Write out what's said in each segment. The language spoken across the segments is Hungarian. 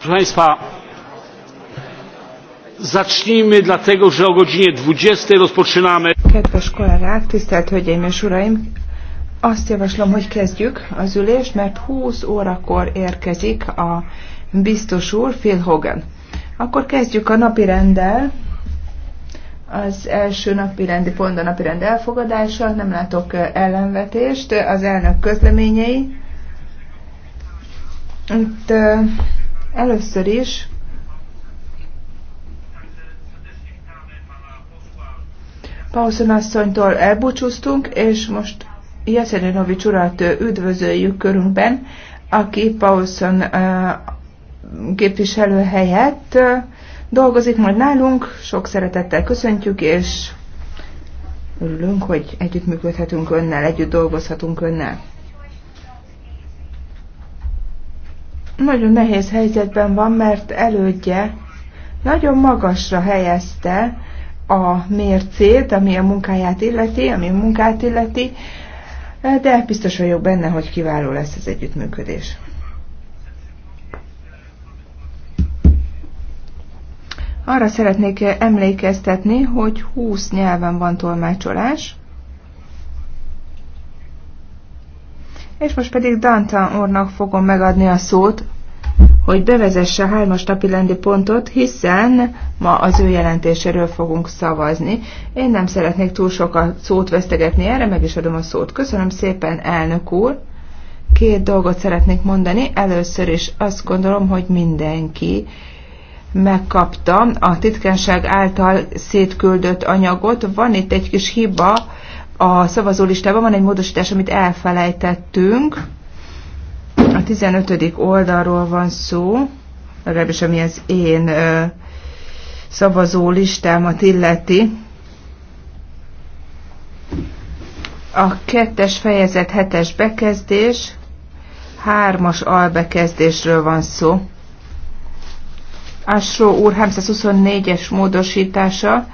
Proszę Państwa, zacznijmy dlatego, że o godzinie 20 rozpoczynamy. Kedves kollégák, tisztelt Hölgyeim és Uraim! Azt javaslom, hogy kezdjük az ülést, mert 20 órakor érkezik a biztos úr, Phil Hogan. Akkor kezdjük a napi rendel. Az első napi rendi pont a napi rend elfogadása, nem látok ellenvetést, az elnök közleményei. Itt először is Paulson asszonytól elbúcsúztunk, és most Jaszerinovics urat üdvözöljük körünkben, aki Paulson képviselő helyett dolgozik majd nálunk. Sok szeretettel köszöntjük, és örülünk, hogy együttműködhetünk önnel, együtt dolgozhatunk önnel. nagyon nehéz helyzetben van, mert elődje nagyon magasra helyezte a mércét, ami a munkáját illeti, ami a munkát illeti, de biztos vagyok benne, hogy kiváló lesz az együttműködés. Arra szeretnék emlékeztetni, hogy 20 nyelven van tolmácsolás, és most pedig Dantan úrnak fogom megadni a szót, hogy bevezesse a hármas stabilendi pontot, hiszen ma az ő jelentéséről fogunk szavazni. Én nem szeretnék túl sokat szót vesztegetni erre, meg is adom a szót. Köszönöm szépen, elnök úr! Két dolgot szeretnék mondani. Először is azt gondolom, hogy mindenki megkapta a titkánság által szétküldött anyagot. Van itt egy kis hiba a szavazólistában, van egy módosítás, amit elfelejtettünk a 15. oldalról van szó, legalábbis ami az én ö, szavazó listámat illeti. A kettes fejezet hetes bekezdés, hármas albekezdésről van szó. Asró úr 324-es módosítása,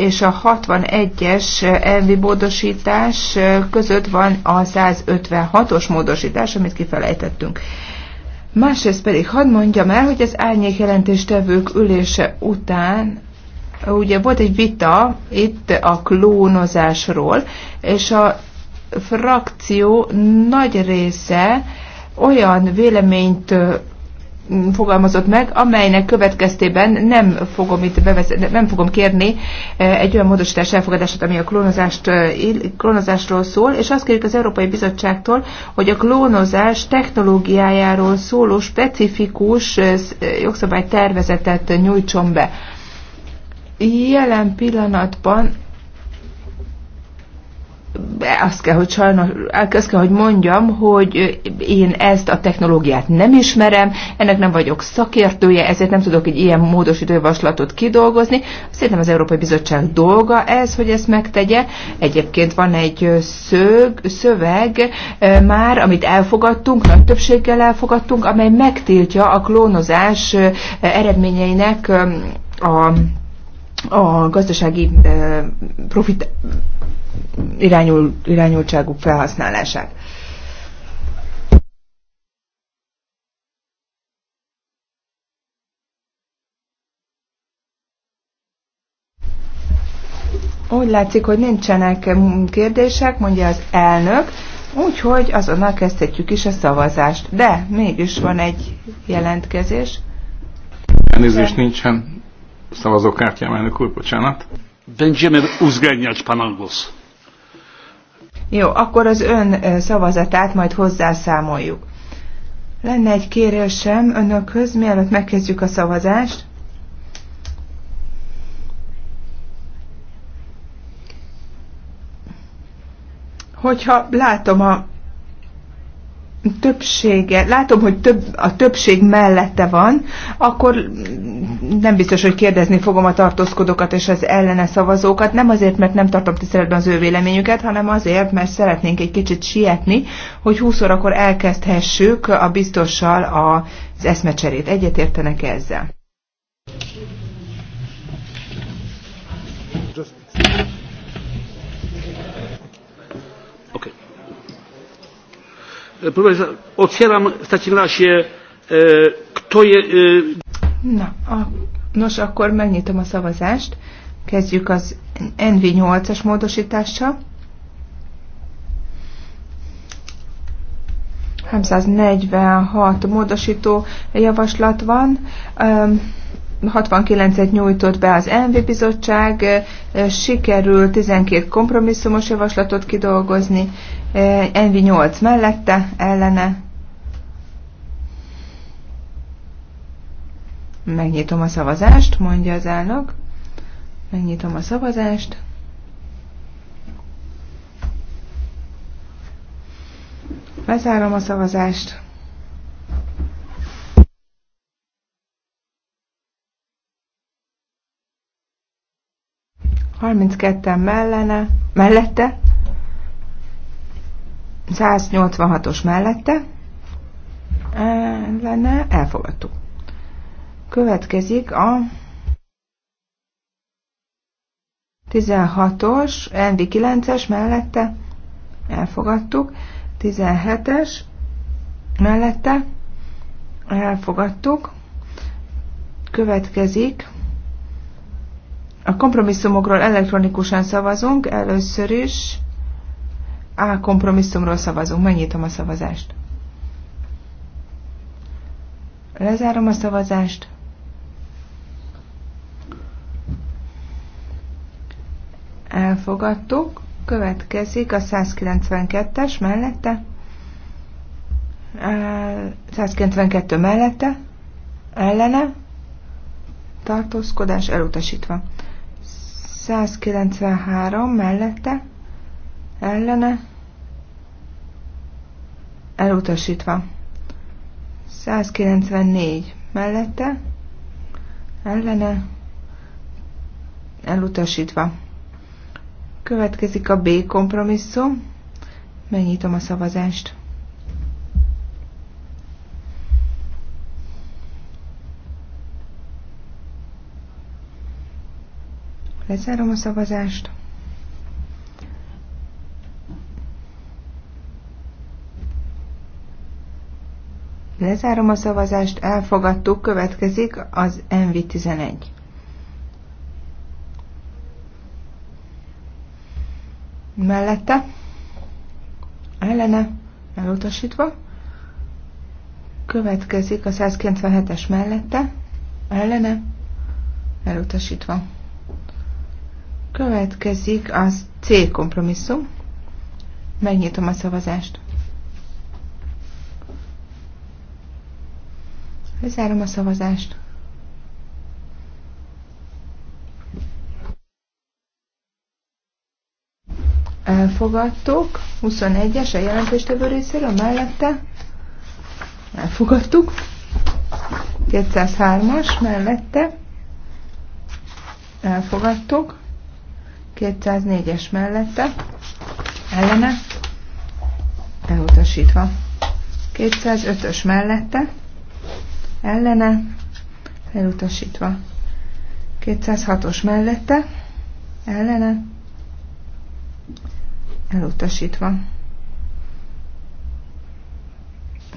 és a 61-es elvi eh, módosítás eh, között van a 156-os módosítás, amit kifelejtettünk. Másrészt pedig hadd mondjam el, hogy az árnyék jelentéstevők ülése után eh, ugye volt egy vita itt a klónozásról, és a frakció nagy része olyan véleményt Mm, fogalmazott meg, amelynek következtében nem fogom, itt bevezet, nem fogom kérni e, egy olyan módosítás elfogadását, ami a klónozást, e, klónozásról szól, és azt kérjük az Európai Bizottságtól, hogy a klónozás technológiájáról szóló specifikus e, jogszabálytervezetet nyújtson be. Jelen pillanatban azt kell, hogy sajnos, azt kell, hogy mondjam, hogy én ezt a technológiát nem ismerem, ennek nem vagyok szakértője, ezért nem tudok egy ilyen módosító javaslatot kidolgozni. Szerintem az Európai Bizottság dolga ez, hogy ezt megtegye. Egyébként van egy szög, szöveg e, már, amit elfogadtunk, nagy többséggel elfogadtunk, amely megtiltja a klónozás e, eredményeinek e, a a gazdasági profit irányul, irányultságuk felhasználását. Úgy látszik, hogy nincsenek kérdések, mondja az elnök, úgyhogy azonnal kezdhetjük is a szavazást. De mégis van egy jelentkezés. Elnézést nincsen szavazókártyám, elnök úr, bocsánat. Będziemy uwzględniać pana głos. Jó, akkor az ön szavazatát majd hozzászámoljuk. Lenne egy kérésem önökhöz, mielőtt megkezdjük a szavazást. Hogyha látom a többsége, látom, hogy több, a többség mellette van, akkor nem biztos, hogy kérdezni fogom a tartózkodókat és az ellene szavazókat, nem azért, mert nem tartom tiszteletben az ő véleményüket, hanem azért, mert szeretnénk egy kicsit sietni, hogy 20 órakor elkezdhessük a biztossal az eszmecserét. Egyetértenek ezzel? E, otwieram w takim razie, e, kto je... E, Na, a, nos, akkor megnyitom a szavazást. Kezdjük az NV8-as módosítással. 346 módosító javaslat van. Um, 69-et nyújtott be az ENVI bizottság, sikerül 12 kompromisszumos javaslatot kidolgozni, NV 8 mellette, ellene. Megnyitom a szavazást, mondja az elnök. Megnyitom a szavazást. Bezárom a szavazást. 32-en mellene, mellette, 186-os mellette, lenne elfogadtuk. Következik a 16 os Envi NV9-es mellette, elfogadtuk, 17-es mellette, elfogadtuk, következik a kompromisszumokról elektronikusan szavazunk, először is A kompromisszumról szavazunk, megnyitom a szavazást. Lezárom a szavazást. Elfogadtuk. Következik a 192-es mellette. 192 mellette. Ellene. Tartózkodás elutasítva. 193 mellette, ellene, elutasítva. 194 mellette, ellene, elutasítva. Következik a B kompromisszum. Megnyitom a szavazást. Lezárom a szavazást. Lezárom a szavazást, elfogadtuk, következik az NV11. Mellette, ellene, elutasítva, következik a 197-es mellette, ellene, elutasítva. Következik az C kompromisszum. Megnyitom a szavazást. Lezárom a szavazást. Elfogadtuk. 21-es a jelentéstevő részéről mellette. Elfogadtuk. 203-as mellette. Elfogadtuk. 204-es mellette, ellene, elutasítva. 205-ös mellette, ellene, elutasítva. 206-os mellette, ellene, elutasítva.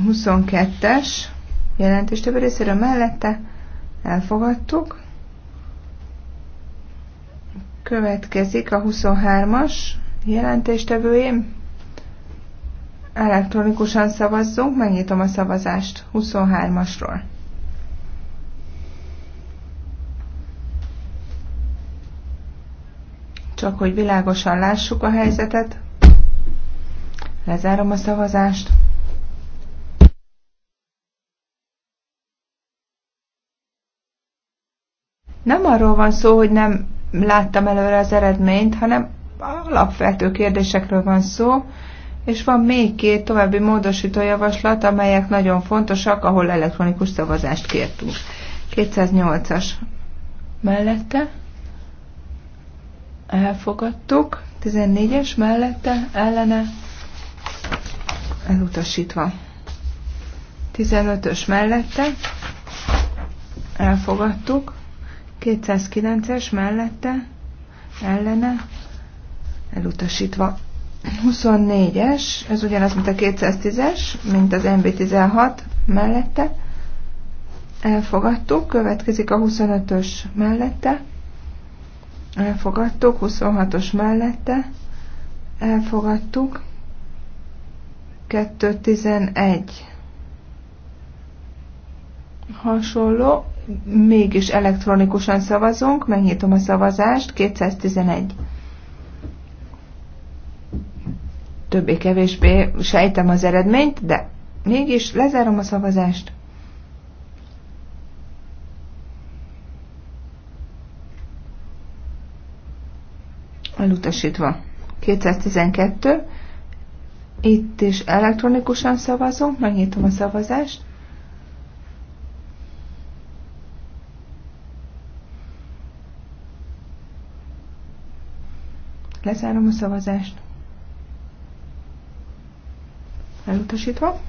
22-es jelentés több részéről mellette elfogadtuk. Következik a 23-as jelentéstevőjém. Elektronikusan szavazzunk, megnyitom a szavazást 23-asról. Csak hogy világosan lássuk a helyzetet, lezárom a szavazást. Nem arról van szó, hogy nem láttam előre az eredményt, hanem alapvető kérdésekről van szó, és van még két további módosító javaslat, amelyek nagyon fontosak, ahol elektronikus szavazást kértünk. 208-as mellette elfogadtuk, 14-es mellette ellene elutasítva. 15-ös mellette elfogadtuk, 209-es mellette, ellene, elutasítva. 24-es, ez ugyanaz, mint a 210-es, mint az MB16 mellette. Elfogadtuk, következik a 25-ös mellette. Elfogadtuk, 26-os mellette. Elfogadtuk. 211. Hasonló, mégis elektronikusan szavazunk, megnyitom a szavazást, 211. Többé-kevésbé sejtem az eredményt, de mégis lezárom a szavazást. Elutasítva. 212. Itt is elektronikusan szavazunk, megnyitom a szavazást. Lezárom a szavazást. Elutasítva.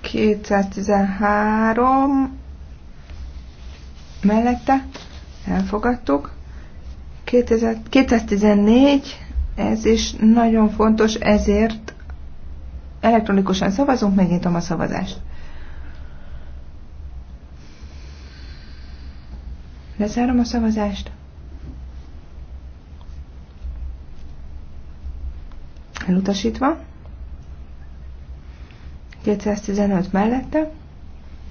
213 mellette elfogadtuk. 214, ez is nagyon fontos, ezért elektronikusan szavazunk, megnyitom a szavazást. Lezárom a szavazást. elutasítva. 215 mellette,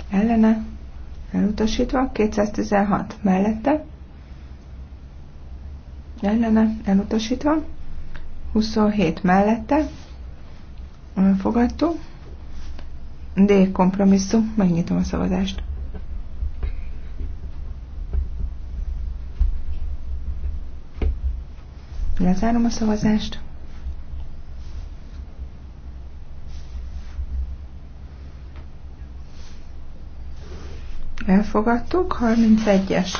ellene, elutasítva. 216 mellette, ellene, elutasítva. 27 mellette, elfogadtuk. D kompromisszum, megnyitom a szavazást. Lezárom a szavazást. elfogadtuk, 31-es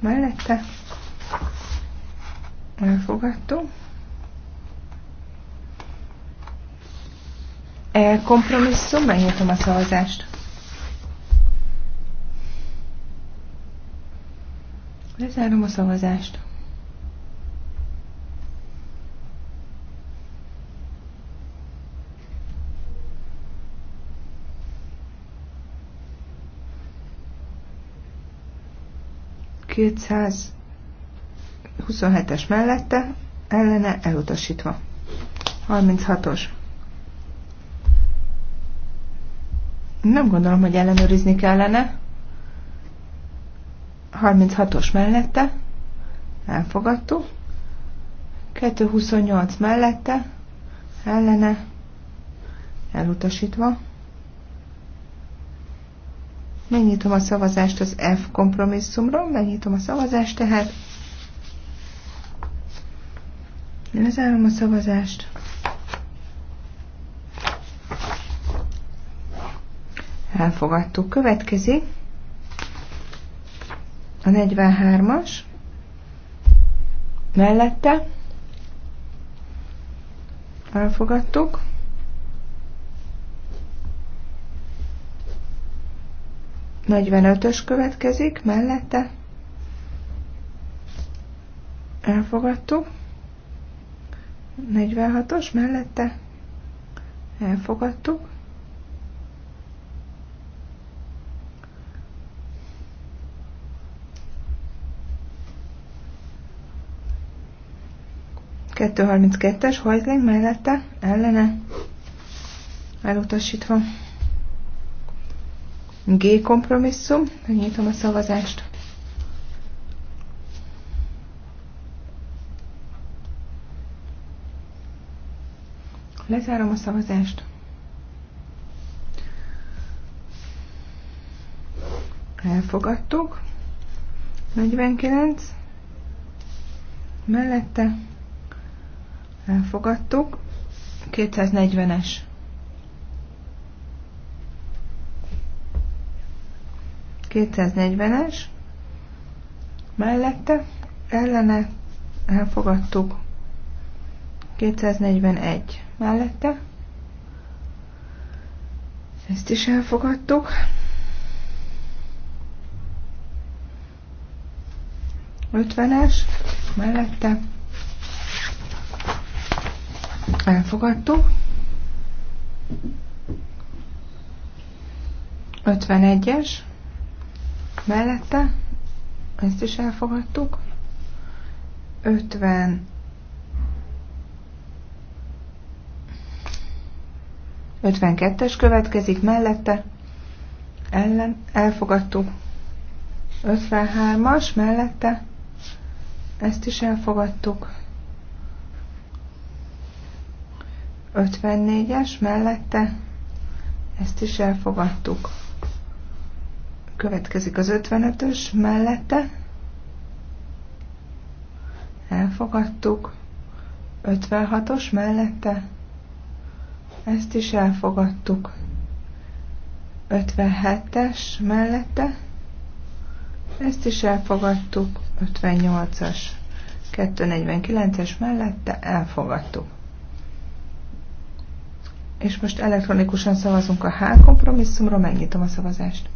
mellette elfogadtuk. E kompromisszum, megnyitom a szavazást. Lezárom a szavazást. 227-es mellette, ellene elutasítva. 36-os. Nem gondolom, hogy ellenőrizni kellene. 36-os mellette. Elfogadtuk. 228 mellette. Ellene. Elutasítva. Megnyitom a szavazást az F kompromisszumról, megnyitom a szavazást tehát. Lezárom a szavazást. Elfogadtuk. Következi a 43-as. Mellette elfogadtuk. 45-ös következik, mellette. Elfogadtuk. 46-os mellette. Elfogadtuk. Kettő harminckettes, hajtlénk mellette, ellene, elutasítva. G kompromisszum. Megnyitom a szavazást. Lezárom a szavazást. Elfogadtuk. 49. Mellette elfogadtuk. 240-es 240-es mellette ellene elfogadtuk 241 mellette ezt is elfogadtuk 50 mellette elfogadtuk 51-es mellette, ezt is elfogadtuk. 50 52-es következik mellette, ellen, elfogadtuk. 53-as mellette, ezt is elfogadtuk. 54-es mellette, ezt is elfogadtuk. Következik az 55-ös mellette. Elfogadtuk. 56-os mellette. Ezt is elfogadtuk. 57-es mellette. Ezt is elfogadtuk. 58-as. 249-es mellette elfogadtuk. És most elektronikusan szavazunk a H kompromisszumra, megnyitom a szavazást.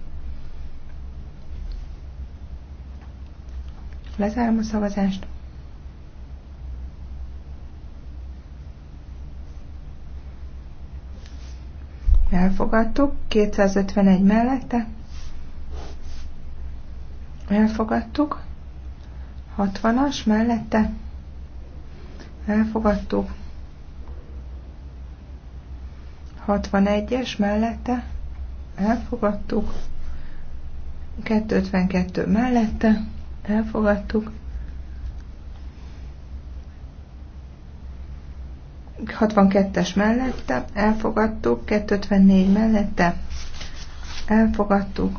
Lezárom a szavazást. Elfogadtuk. 251 mellette. Elfogadtuk. 60-as mellette. Elfogadtuk. 61-es mellette. Elfogadtuk. 252 mellette elfogadtuk. 62-es mellette, elfogadtuk, 254 mellette, elfogadtuk,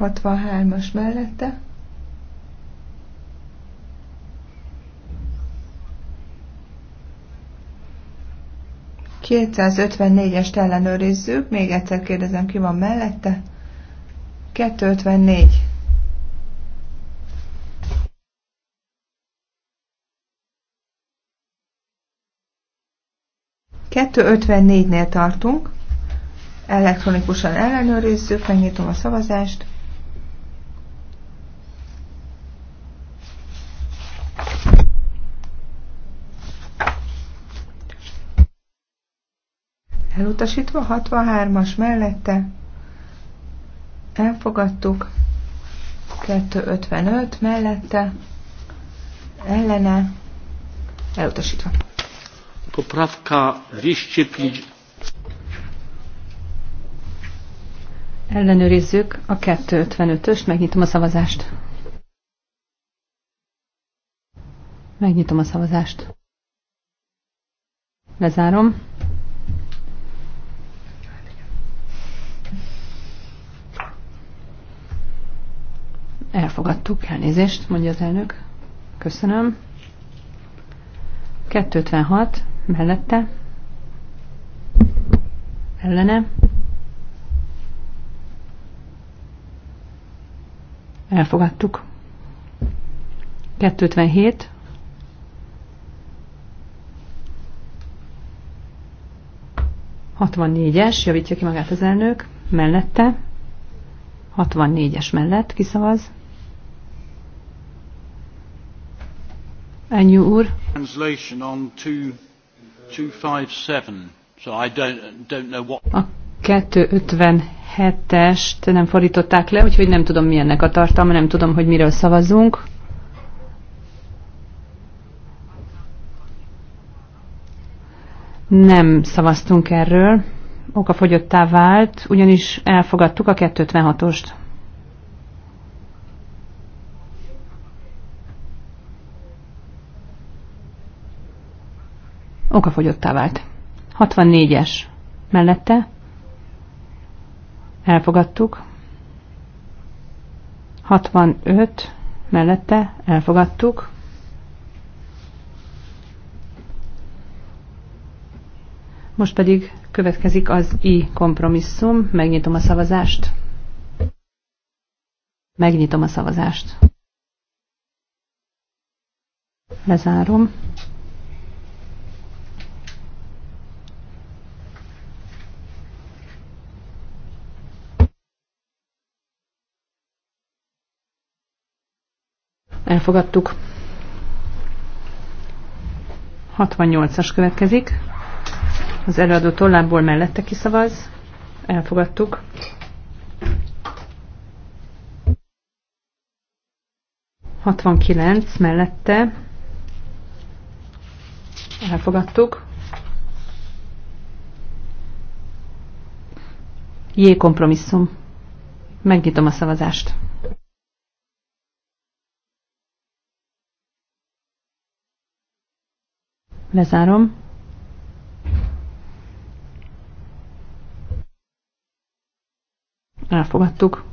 63-as mellette, ...254-est ellenőrizzük, még egyszer kérdezem, ki van mellette? 254. 254-nél tartunk. Elektronikusan ellenőrizzük, megnyitom a szavazást. Elutasítva 63-as mellette elfogadtuk, 255 mellette ellene elutasítva. Poprawka 205. Ellenőrizzük a 255-öst, megnyitom a szavazást. Megnyitom a szavazást. Lezárom. Elfogadtuk, elnézést, mondja az elnök. Köszönöm. 256 mellette, ellene, elfogadtuk. 257 64-es, javítja ki magát az elnök, mellette, 64-es mellett kiszavaz, Ennyi úr. Translation on 257, so I don't, don't know what... A 257-est nem fordították le, úgyhogy nem tudom milyennek a tartalma, nem tudom, hogy miről szavazunk. Nem szavaztunk erről, Oka fogyottá vált, ugyanis elfogadtuk a 256-ost. okafogyottá vált. 64-es mellette elfogadtuk. 65 mellette elfogadtuk. Most pedig következik az I kompromisszum. Megnyitom a szavazást. Megnyitom a szavazást. Lezárom. Elfogadtuk. 68-as következik. Az előadó tollából mellette kiszavaz. Elfogadtuk. Hatvankilenc mellette. Elfogadtuk. J kompromisszum. Megnyitom a szavazást. Lezárom. Elfogadtuk.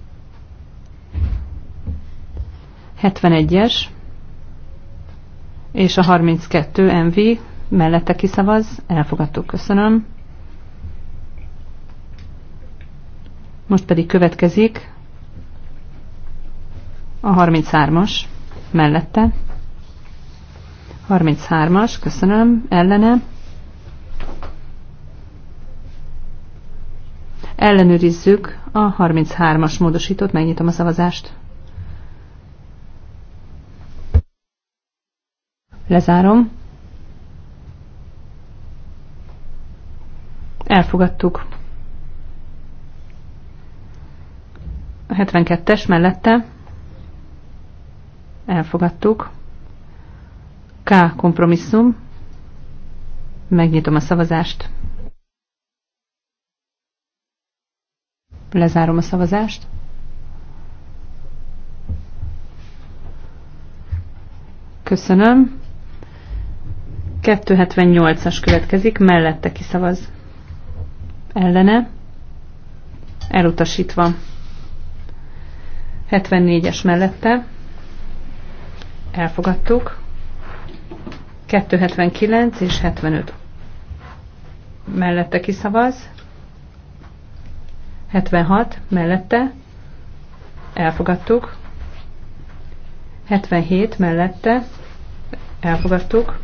71-es és a 32 MV mellette kiszavaz. Elfogadtuk, köszönöm. Most pedig következik a 33-as mellette 33-as, köszönöm, ellene. Ellenőrizzük a 33-as módosítót, megnyitom a szavazást. Lezárom. Elfogadtuk. A 72-es mellette elfogadtuk. K kompromisszum. Megnyitom a szavazást. Lezárom a szavazást. Köszönöm. 278-as következik, mellette kiszavaz. Ellene. Elutasítva. 74-es mellette. Elfogadtuk. 279 és 75 mellette kiszavaz, 76 mellette elfogadtuk, 77 mellette elfogadtuk,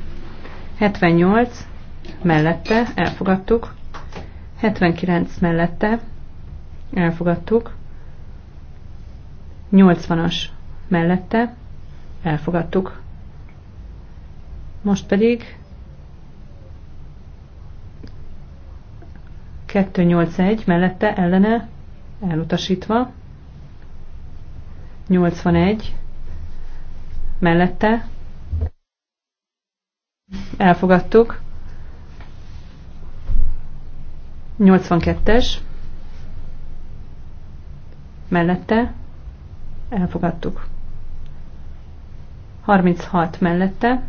78 mellette elfogadtuk, 79 mellette elfogadtuk, 80-as mellette elfogadtuk, most pedig 281 mellette ellene elutasítva, 81 mellette elfogadtuk, 82-es mellette elfogadtuk, 36 mellette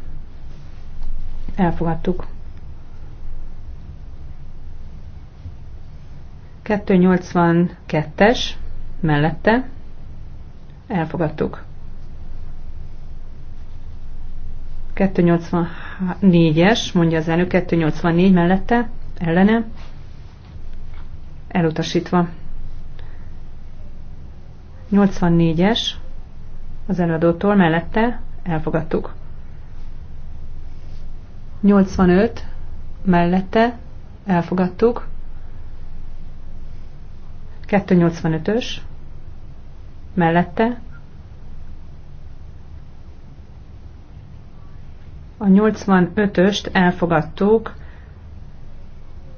Elfogadtuk. 282-es mellette elfogadtuk. 284-es, mondja az elő, 284 mellette, ellene, elutasítva. 84-es az előadótól mellette elfogadtuk. 85 mellette elfogadtuk. 285-ös mellette. A 85-öst elfogadtuk,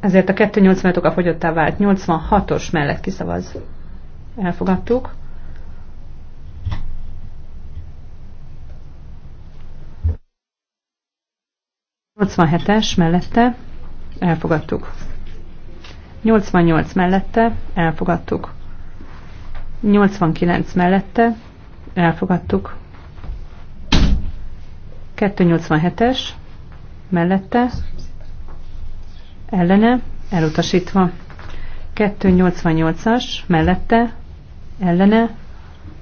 ezért a 285 ok a fogyottá vált 86-os mellett kiszavaz. Elfogadtuk. 87-es mellette elfogadtuk. 88 mellette elfogadtuk. 89 mellette elfogadtuk. 287-es mellette ellene elutasítva. 288-as mellette ellene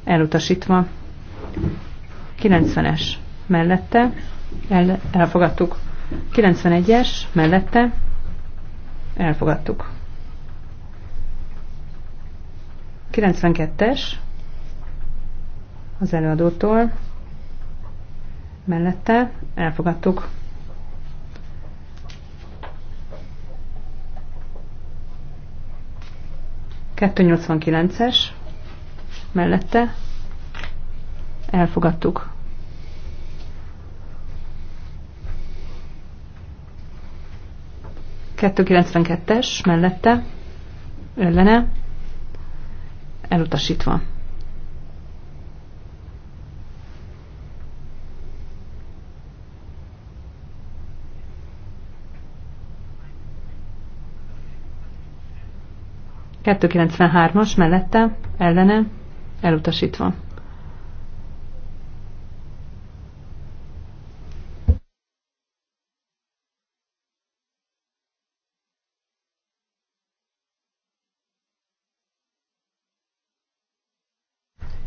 elutasítva. 90-es mellette el, elfogadtuk. 91-es mellette elfogadtuk. 92-es az előadótól mellette elfogadtuk. 289 es mellette elfogadtuk. 292-es mellette, ellene, elutasítva. Kettő as mellette, ellene, elutasítva.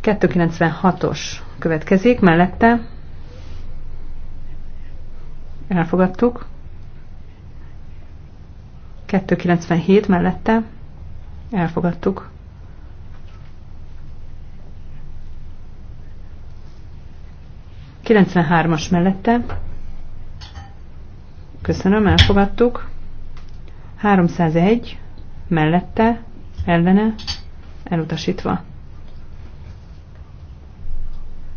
296-os következik, mellette elfogadtuk. 297 mellette elfogadtuk. as mellette. Köszönöm, elfogadtuk. 301 mellette, ellene, elutasítva.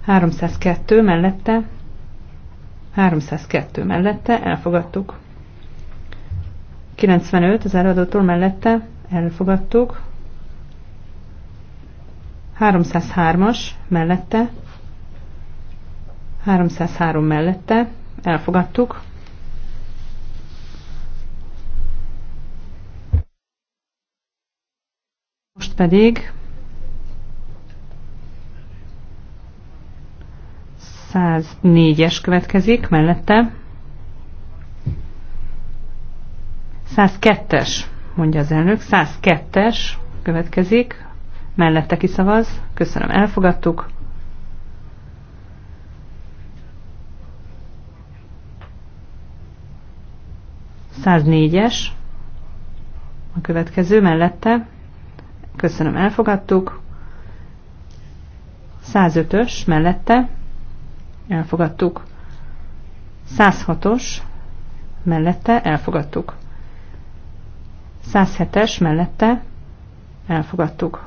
302 mellette, 302 mellette elfogadtuk. 95 az eladótól mellette elfogadtuk. 303-as mellette, 303 mellette elfogadtuk. most pedig 104-es következik mellette. 102-es, mondja az elnök. 102-es következik. Mellette kiszavaz. Köszönöm, elfogadtuk. 104-es a következő mellette. Köszönöm, elfogadtuk. 105-ös mellette elfogadtuk. 106-os mellette elfogadtuk. 107-es mellette elfogadtuk.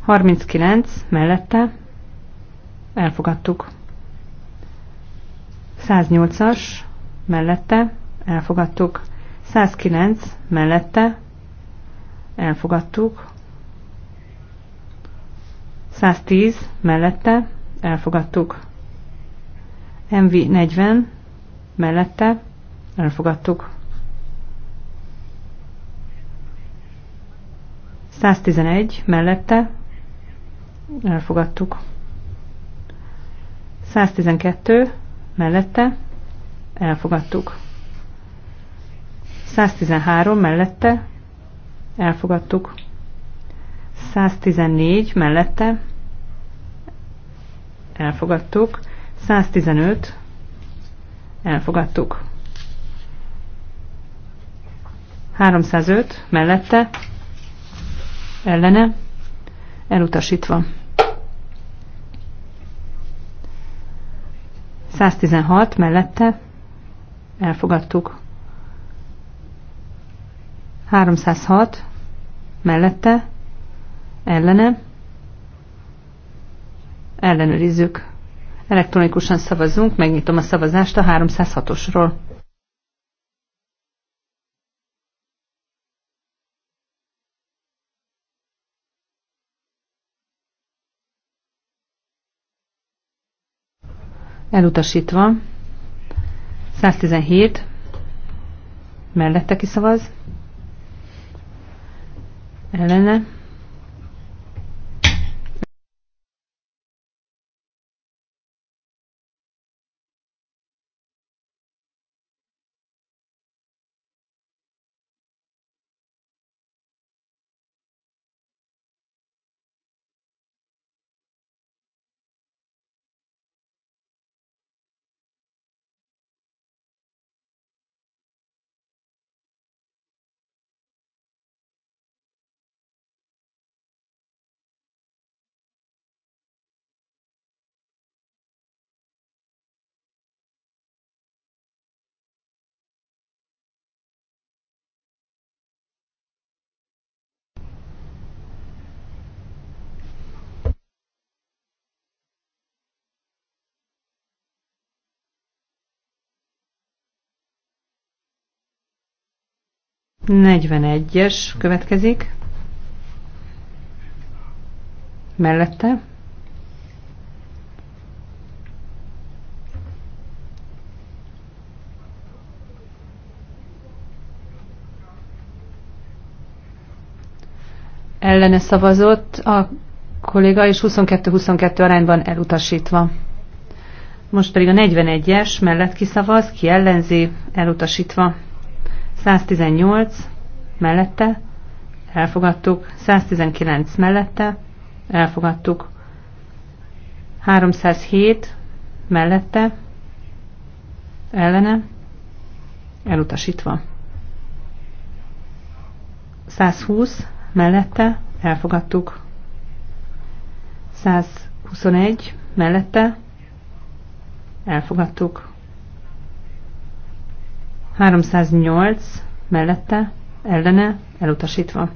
39 mellette elfogadtuk. 108-as mellette elfogadtuk. 109 mellette elfogadtuk. 110 mellette elfogadtuk. MV 40 mellette elfogadtuk. 111 mellette elfogadtuk. 112 mellette elfogadtuk. 113 mellette elfogadtuk. 114 mellette elfogadtuk. 115, elfogadtuk. 305, mellette, ellene, elutasítva. 116, mellette, elfogadtuk. 306, mellette, ellene, ellenőrizzük. Elektronikusan szavazunk, megnyitom a szavazást a 306-osról. Elutasítva. 117. Mellette kiszavaz. Ellene 41-es következik. Mellette. Ellene szavazott a kolléga, és 22-22 arányban elutasítva. Most pedig a 41-es mellett kiszavaz, ki ellenzi, elutasítva. 118 mellette elfogadtuk, 119 mellette elfogadtuk, 307 mellette ellene elutasítva. 120 mellette elfogadtuk, 121 mellette elfogadtuk, 308 mellette, ellene, elutasítva.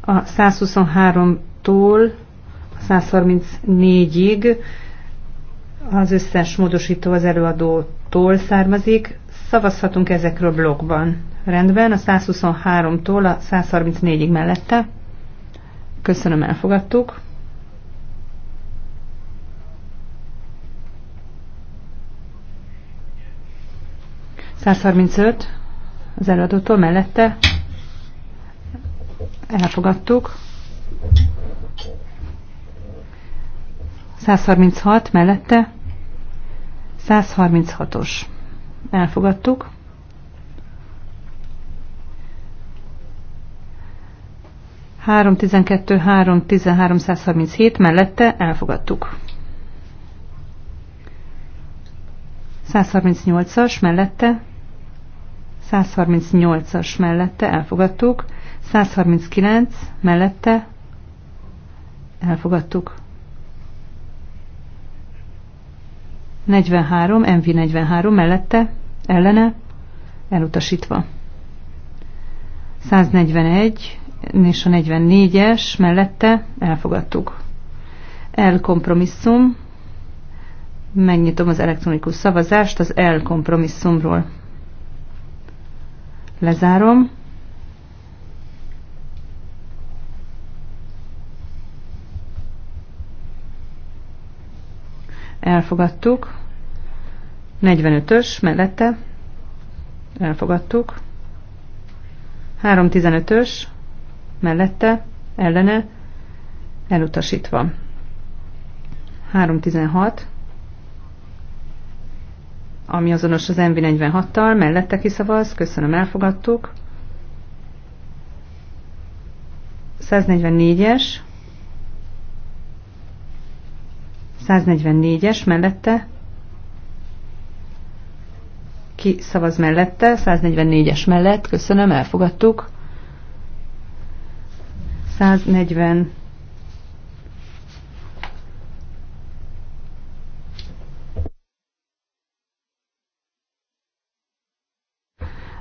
A 123-tól 134-ig az összes módosító az előadótól származik. Szavazhatunk ezekről blogban. Rendben, a 123-tól a 134-ig mellette. Köszönöm, elfogadtuk. 135 az előadótól mellette elfogadtuk. 136 mellette 136-os elfogadtuk. Három tizenkettő, három tizenhárom, mellette elfogadtuk. 138-as mellette 138-as mellette elfogadtuk, 139 mellette elfogadtuk. 43, MV43 mellette, ellene, elutasítva. 141 és a 44-es mellette elfogadtuk. Elkompromisszum. Megnyitom az elektronikus szavazást az elkompromisszumról. kompromisszumról Lezárom. Elfogadtuk. 45-ös mellette. Elfogadtuk. 315-ös mellette, ellene, elutasítva. 316 ami azonos az MV46-tal, mellette kiszavaz, köszönöm, elfogadtuk. 144-es, 144-es mellette, ki szavaz mellette, 144-es mellett, köszönöm, elfogadtuk. 140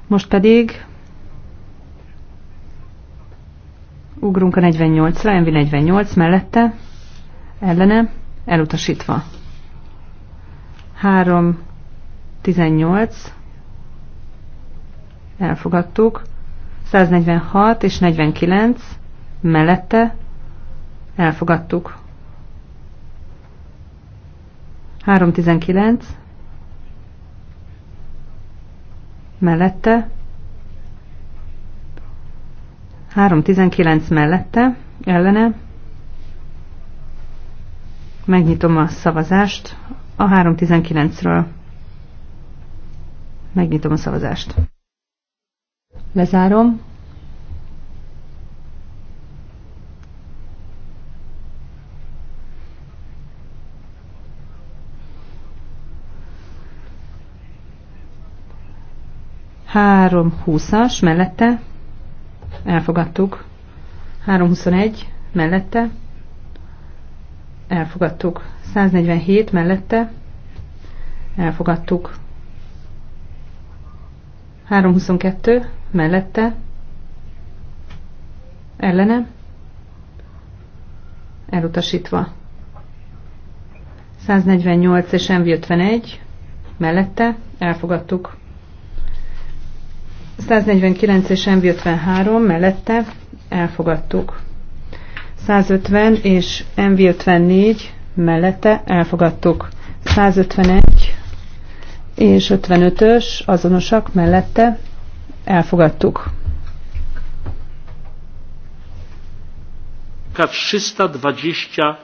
Most pedig ugrunk a 48-ra, MV 48 mellette, ellene, elutasítva. 3-18, elfogadtuk, 146 és 49, mellette, elfogadtuk. 319, mellette, 319 mellette, ellene. Megnyitom a szavazást a 319-ről. Megnyitom a szavazást. Lezárom. 320-as mellette, elfogadtuk. 321 mellette, elfogadtuk. 147 mellette, elfogadtuk. 322 mellette, ellene, elutasítva. 148 és MV51 mellette elfogadtuk. 149 és MV53 mellette elfogadtuk. 150 és MV54 mellette elfogadtuk. 151 és 55-ös azonosak mellette elfogadtuk. 323.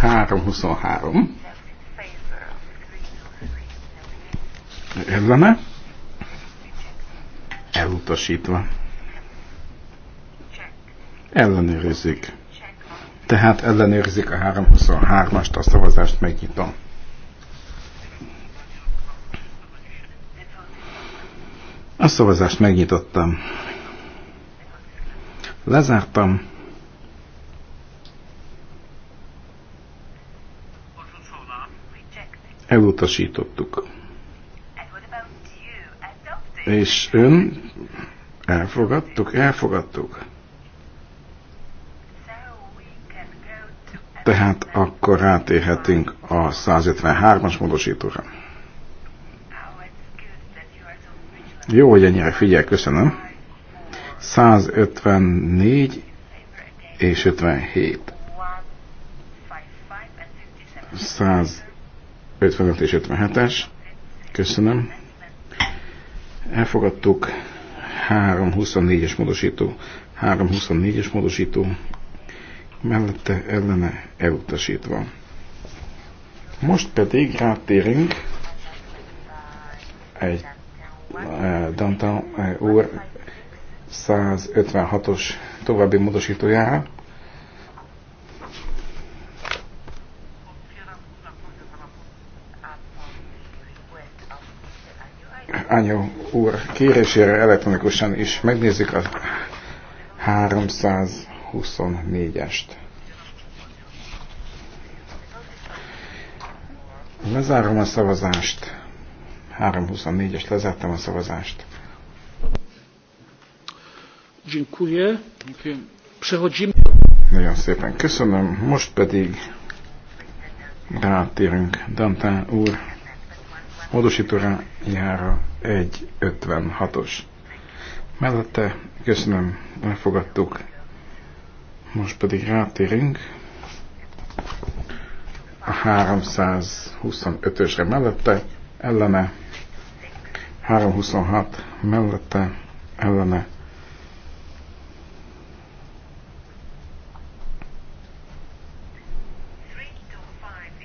323. Érdemes? elutasítva. Ellenőrizzük. Tehát ellenőrizzük a 323-ast, a szavazást megnyitom. A szavazást megnyitottam. Lezártam. Elutasítottuk. És ön elfogadtuk, elfogadtuk. Tehát akkor rátérhetünk a 153-as módosítóra. Jó, hogy ennyire figyel, köszönöm. 154 és 57. 155 és 57-es. Köszönöm. Elfogadtuk 324-es módosító, 324-es módosító mellette ellene elutasítva. Most pedig rátérünk egy uh, eh, Dantan uh, eh, úr 156-os további módosítójára, Anyó úr kérésére elektronikusan is megnézzük a 324-est. Lezárom a szavazást. 324-est lezártam a szavazást. Dziękuję. Przechodzimy. Nagyon szépen köszönöm. Most pedig rátérünk Dante úr jár a 1.56-os. Mellette köszönöm, elfogadtuk. Most pedig rátérünk a 325-ösre mellette, ellene 326 mellette, ellene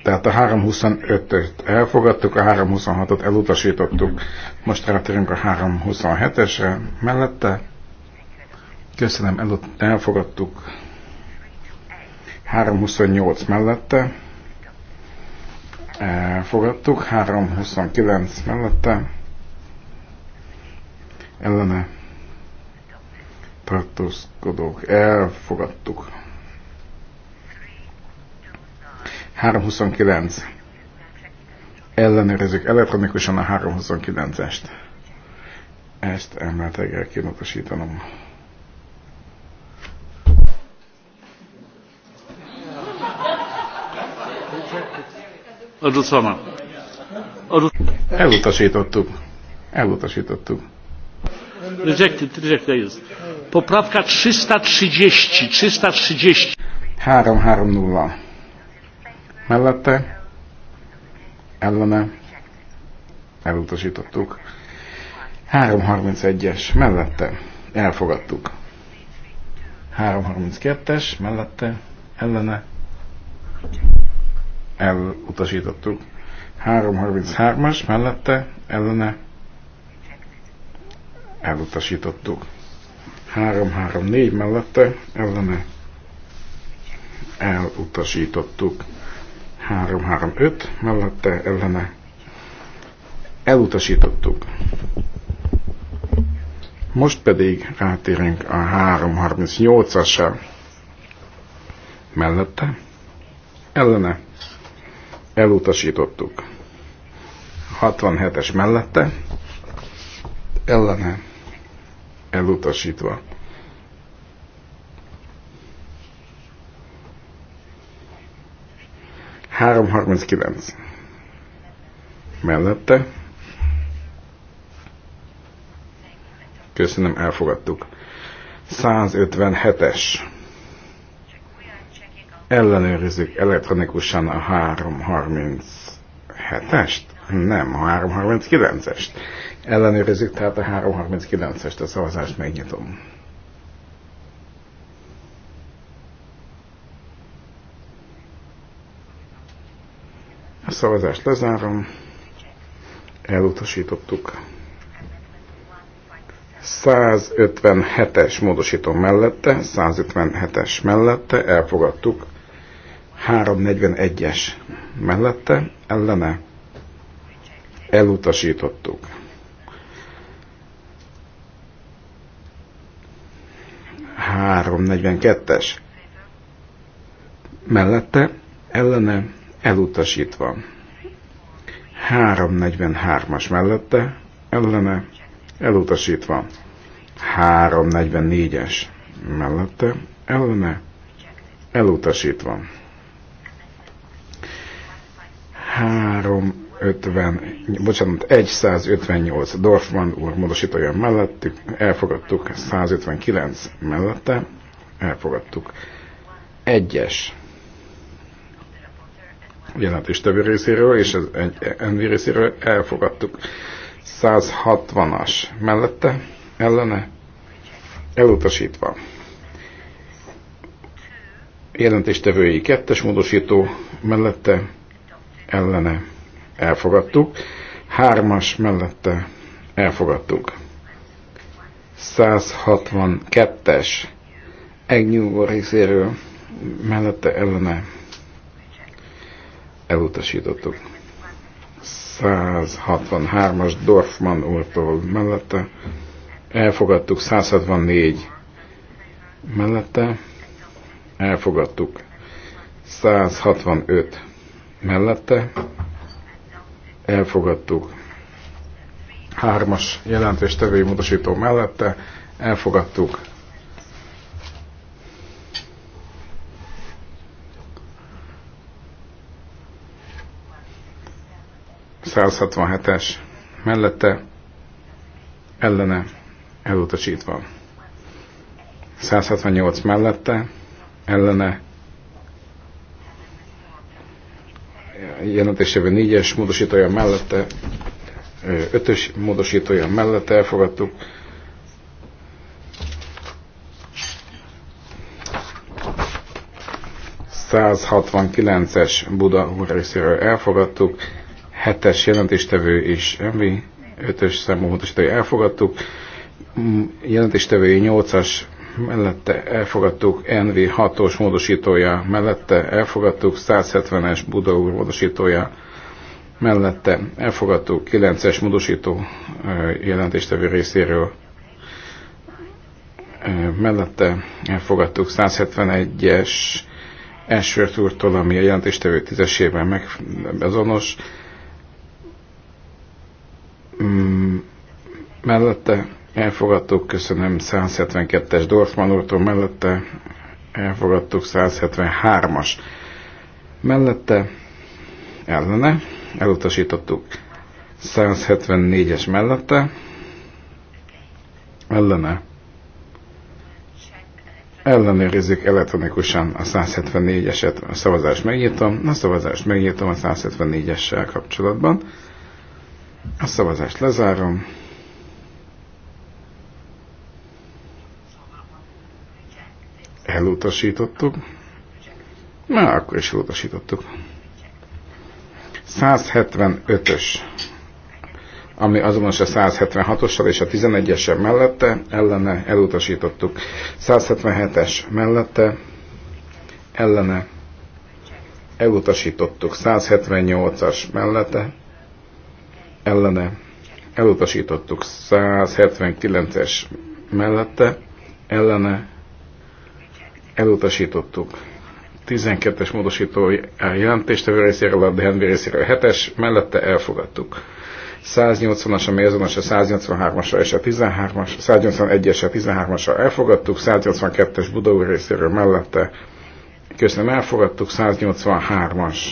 Tehát a 325-öt elfogadtuk, a 326-ot elutasítottuk. Most rátérünk a 327-esre mellette. Köszönöm, elfogadtuk. 328 mellette. Elfogadtuk. 329 mellette. Ellene tartózkodók. Elfogadtuk. 329. Ellenőrizzük elektronikusan a 329-est. Ezt emeltek el kéne Elutasítottuk. Elutasítottuk. Rejected, rejected Poprawka 330. 330. 330 mellette, ellene, elutasítottuk. 331-es mellette, elfogadtuk. 332-es mellette, ellene, elutasítottuk. 333-as mellette, ellene, elutasítottuk. 334 mellette, ellene, elutasítottuk. 335 mellette ellene elutasítottuk. Most pedig rátérünk a 338-asra mellette ellene elutasítottuk. 67-es mellette ellene elutasítva. 339 mellette. Köszönöm, elfogadtuk. 157-es. Ellenőrizzük elektronikusan a 337-est? Nem, a 339-est. Ellenőrizzük tehát a 339-est, a szavazást megnyitom. A szavazást lezárom. Elutasítottuk. 157-es módosító mellette, 157-es mellette elfogadtuk. 341-es mellette ellene elutasítottuk. Három negyvenkettes mellette ellene elutasítva. 343-as mellette, ellene, elutasítva. 344-es mellette, ellene, elutasítva. 350, bocsánat, 158 Dorfman úr módosítója mellettük, elfogadtuk, 159 mellette, elfogadtuk. Egyes többi részéről, és az NV részéről elfogadtuk. 160-as mellette, ellene, elutasítva. Jelentéstevői kettes módosító mellette, ellene, elfogadtuk. Hármas mellette, elfogadtuk. 162-es Egnyúgó részéről mellette ellene elutasítottuk. 163-as Dorfman úrtól mellette, elfogadtuk 164 mellette, elfogadtuk 165 mellette, elfogadtuk 3-as jelentéstevői módosító mellette, elfogadtuk 167-es mellette ellene elutasítva. 168 mellette ellene jelentésében 4-es módosítója mellette, 5-ös módosítója mellette elfogadtuk. ...169-es Buda úr részéről elfogadtuk, 7-es jelentéstevő és MV 5-ös számú módosítói elfogadtuk, mm, jelentéstevői 8-as mellette elfogadtuk, NV 6-os módosítója mellette elfogadtuk, 170-es Buda úr módosítója mellette elfogadtuk, 9-es módosító jelentéstevő részéről mellette elfogadtuk 171-es Ashworth úrtól, ami a jelentéstevő tízesében meg azonos, Mm, mellette elfogadtuk, köszönöm 172-es Dorfman úrtól mellette, elfogadtuk 173-as mellette, ellene, elutasítottuk 174-es mellette, ellene, ellenőrizzük elektronikusan a 174-eset, a szavazást megnyitom, a szavazást megnyitom a 174-essel kapcsolatban, a szavazást lezárom. Elutasítottuk. Na, akkor is elutasítottuk. 175-ös, ami azonos a 176-ossal és a 11-esel mellette, ellene elutasítottuk. 177-es mellette, ellene elutasítottuk. 178-as mellette, ellene elutasítottuk 179-es mellette, ellene elutasítottuk 12-es módosító a részéről, a DNB részéről 7-es, mellette elfogadtuk. 180-as, ami azonos a 183-asra és a 13-as, 181-es, a 13-asra elfogadtuk, 182-es Budaú részéről mellette, köszönöm, elfogadtuk, 183-as,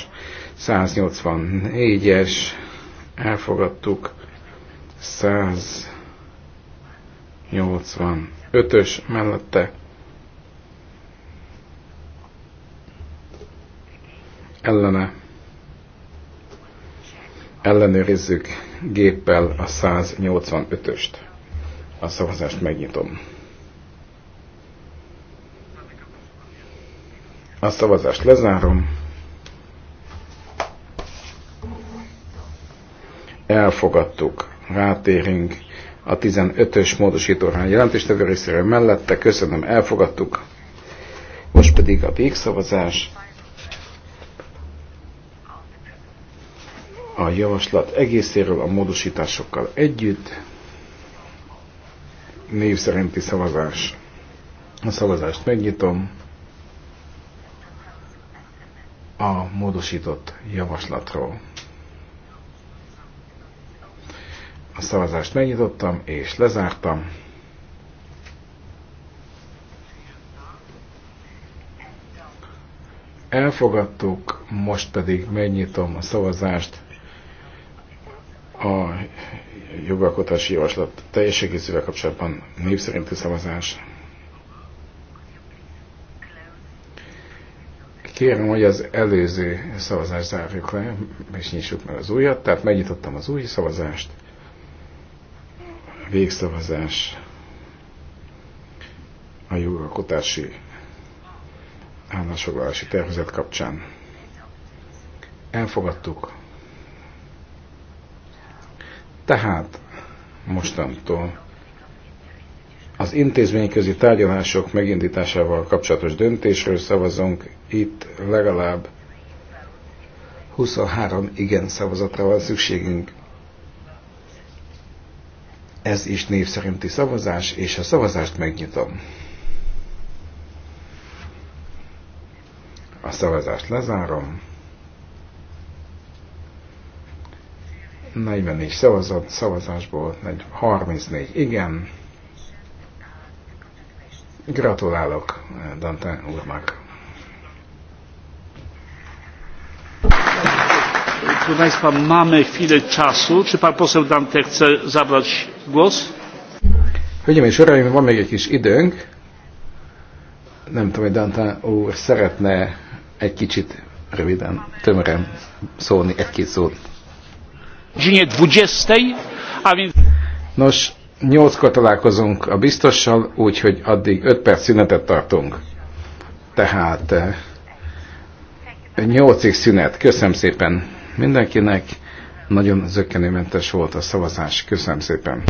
184-es, elfogadtuk 185-ös mellette ellene ellenőrizzük géppel a 185-öst. A szavazást megnyitom. A szavazást lezárom. elfogadtuk. Rátérünk a 15-ös módosítóra jelentéstevő részére mellette. Köszönöm, elfogadtuk. Most pedig a végszavazás. A javaslat egészéről a módosításokkal együtt. Név szerinti szavazás. A szavazást megnyitom. A módosított javaslatról. A szavazást megnyitottam és lezártam. Elfogadtuk, most pedig megnyitom a szavazást a jogalkotási javaslat teljes egészével kapcsolatban népszerinti szavazás. Kérem, hogy az előző szavazást zárjuk le, és nyissuk meg az újat, tehát megnyitottam az új szavazást végszavazás a jogalkotási állásfoglalási tervezet kapcsán. Elfogadtuk. Tehát mostantól az intézményközi tárgyalások megindításával kapcsolatos döntésről szavazunk. Itt legalább 23 igen szavazatra van szükségünk. Ez is név szerinti szavazás, és a szavazást megnyitom. A szavazást lezárom. 44 szavazat, szavazásból 34 igen. Gratulálok Dante úrnak. Proszę Państwa, mamy chwilę czasu. Czy Pan Poseł Dante chce zabrać głos? Hölgyeim és Uraim, van még egy kis időnk. Nem tudom, hogy Dante úr szeretne egy kicsit röviden, tömören szólni egy-két szót. Nos, nyolckor találkozunk a biztossal, úgyhogy addig 5 perc szünetet tartunk. Tehát eh, nyolcig szünet. Köszönöm szépen mindenkinek. Nagyon zöggenőmentes volt a szavazás. Köszönöm szépen!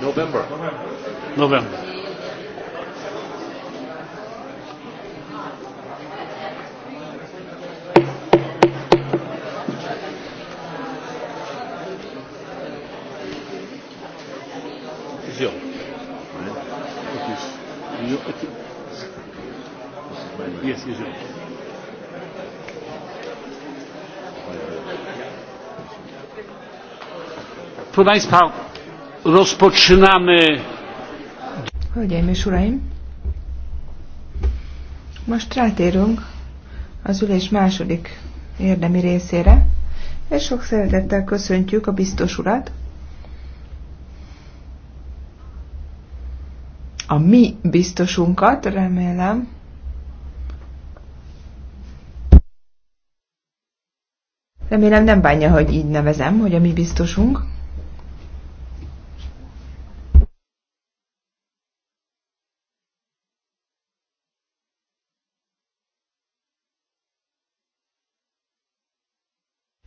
november. November. Proszę Państwa, rozpoczynamy. Hölgyeim és Uraim! Most rátérünk az ülés második érdemi részére, és sok szeretettel köszöntjük a biztos urat, a mi biztosunkat, remélem, Remélem nem bánja, hogy így nevezem, hogy a mi biztosunk.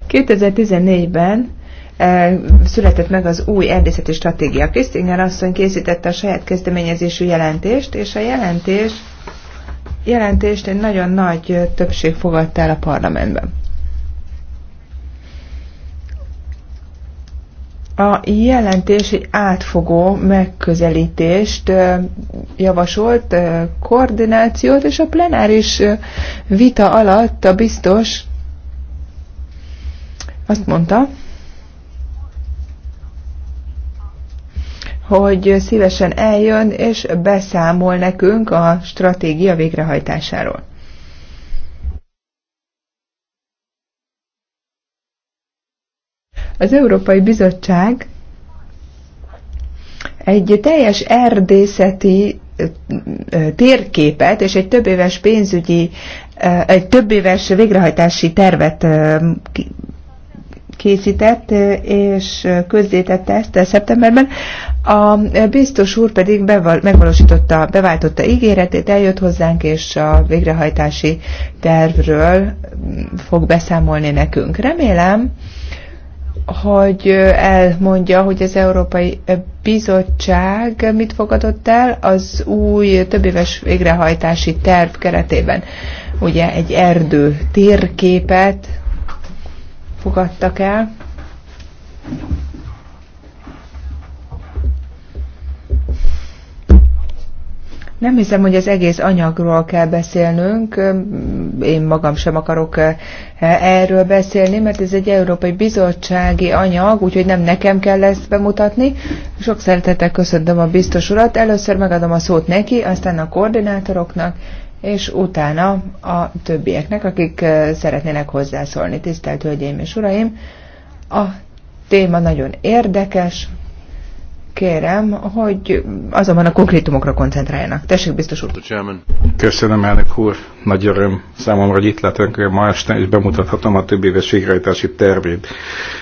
2014-ben eh, született meg az új erdészeti stratégia. Krisztinger asszony készítette a saját kezdeményezésű jelentést, és a jelentés, jelentést egy nagyon nagy többség fogadta el a parlamentben. A jelentés egy átfogó megközelítést eh, javasolt, eh, koordinációt, és a plenáris vita alatt a biztos azt mondta, hogy szívesen eljön és beszámol nekünk a stratégia végrehajtásáról. Az Európai Bizottság egy teljes erdészeti térképet és egy több éves pénzügyi, egy több éves végrehajtási tervet készített és közzétette ezt szeptemberben. A biztos úr pedig beval, megvalósította, beváltotta ígéretét, eljött hozzánk, és a végrehajtási tervről fog beszámolni nekünk. Remélem, hogy elmondja, hogy az Európai Bizottság mit fogadott el az új többéves végrehajtási terv keretében. Ugye egy erdő térképet fogadtak el. Nem hiszem, hogy az egész anyagról kell beszélnünk. Én magam sem akarok eh, erről beszélni, mert ez egy Európai Bizottsági anyag, úgyhogy nem nekem kell ezt bemutatni. Sok szeretettel köszöntöm a biztos urat. Először megadom a szót neki, aztán a koordinátoroknak, és utána a többieknek, akik szeretnének hozzászólni. Tisztelt Hölgyeim és Uraim, a téma nagyon érdekes. Kérem, hogy azonban a konkrétumokra koncentráljanak. Tessék, biztos úr. Köszönöm, elnök úr. Nagy öröm számomra, hogy itt lehetünk ma este, és bemutathatom a több éves végrehajtási tervét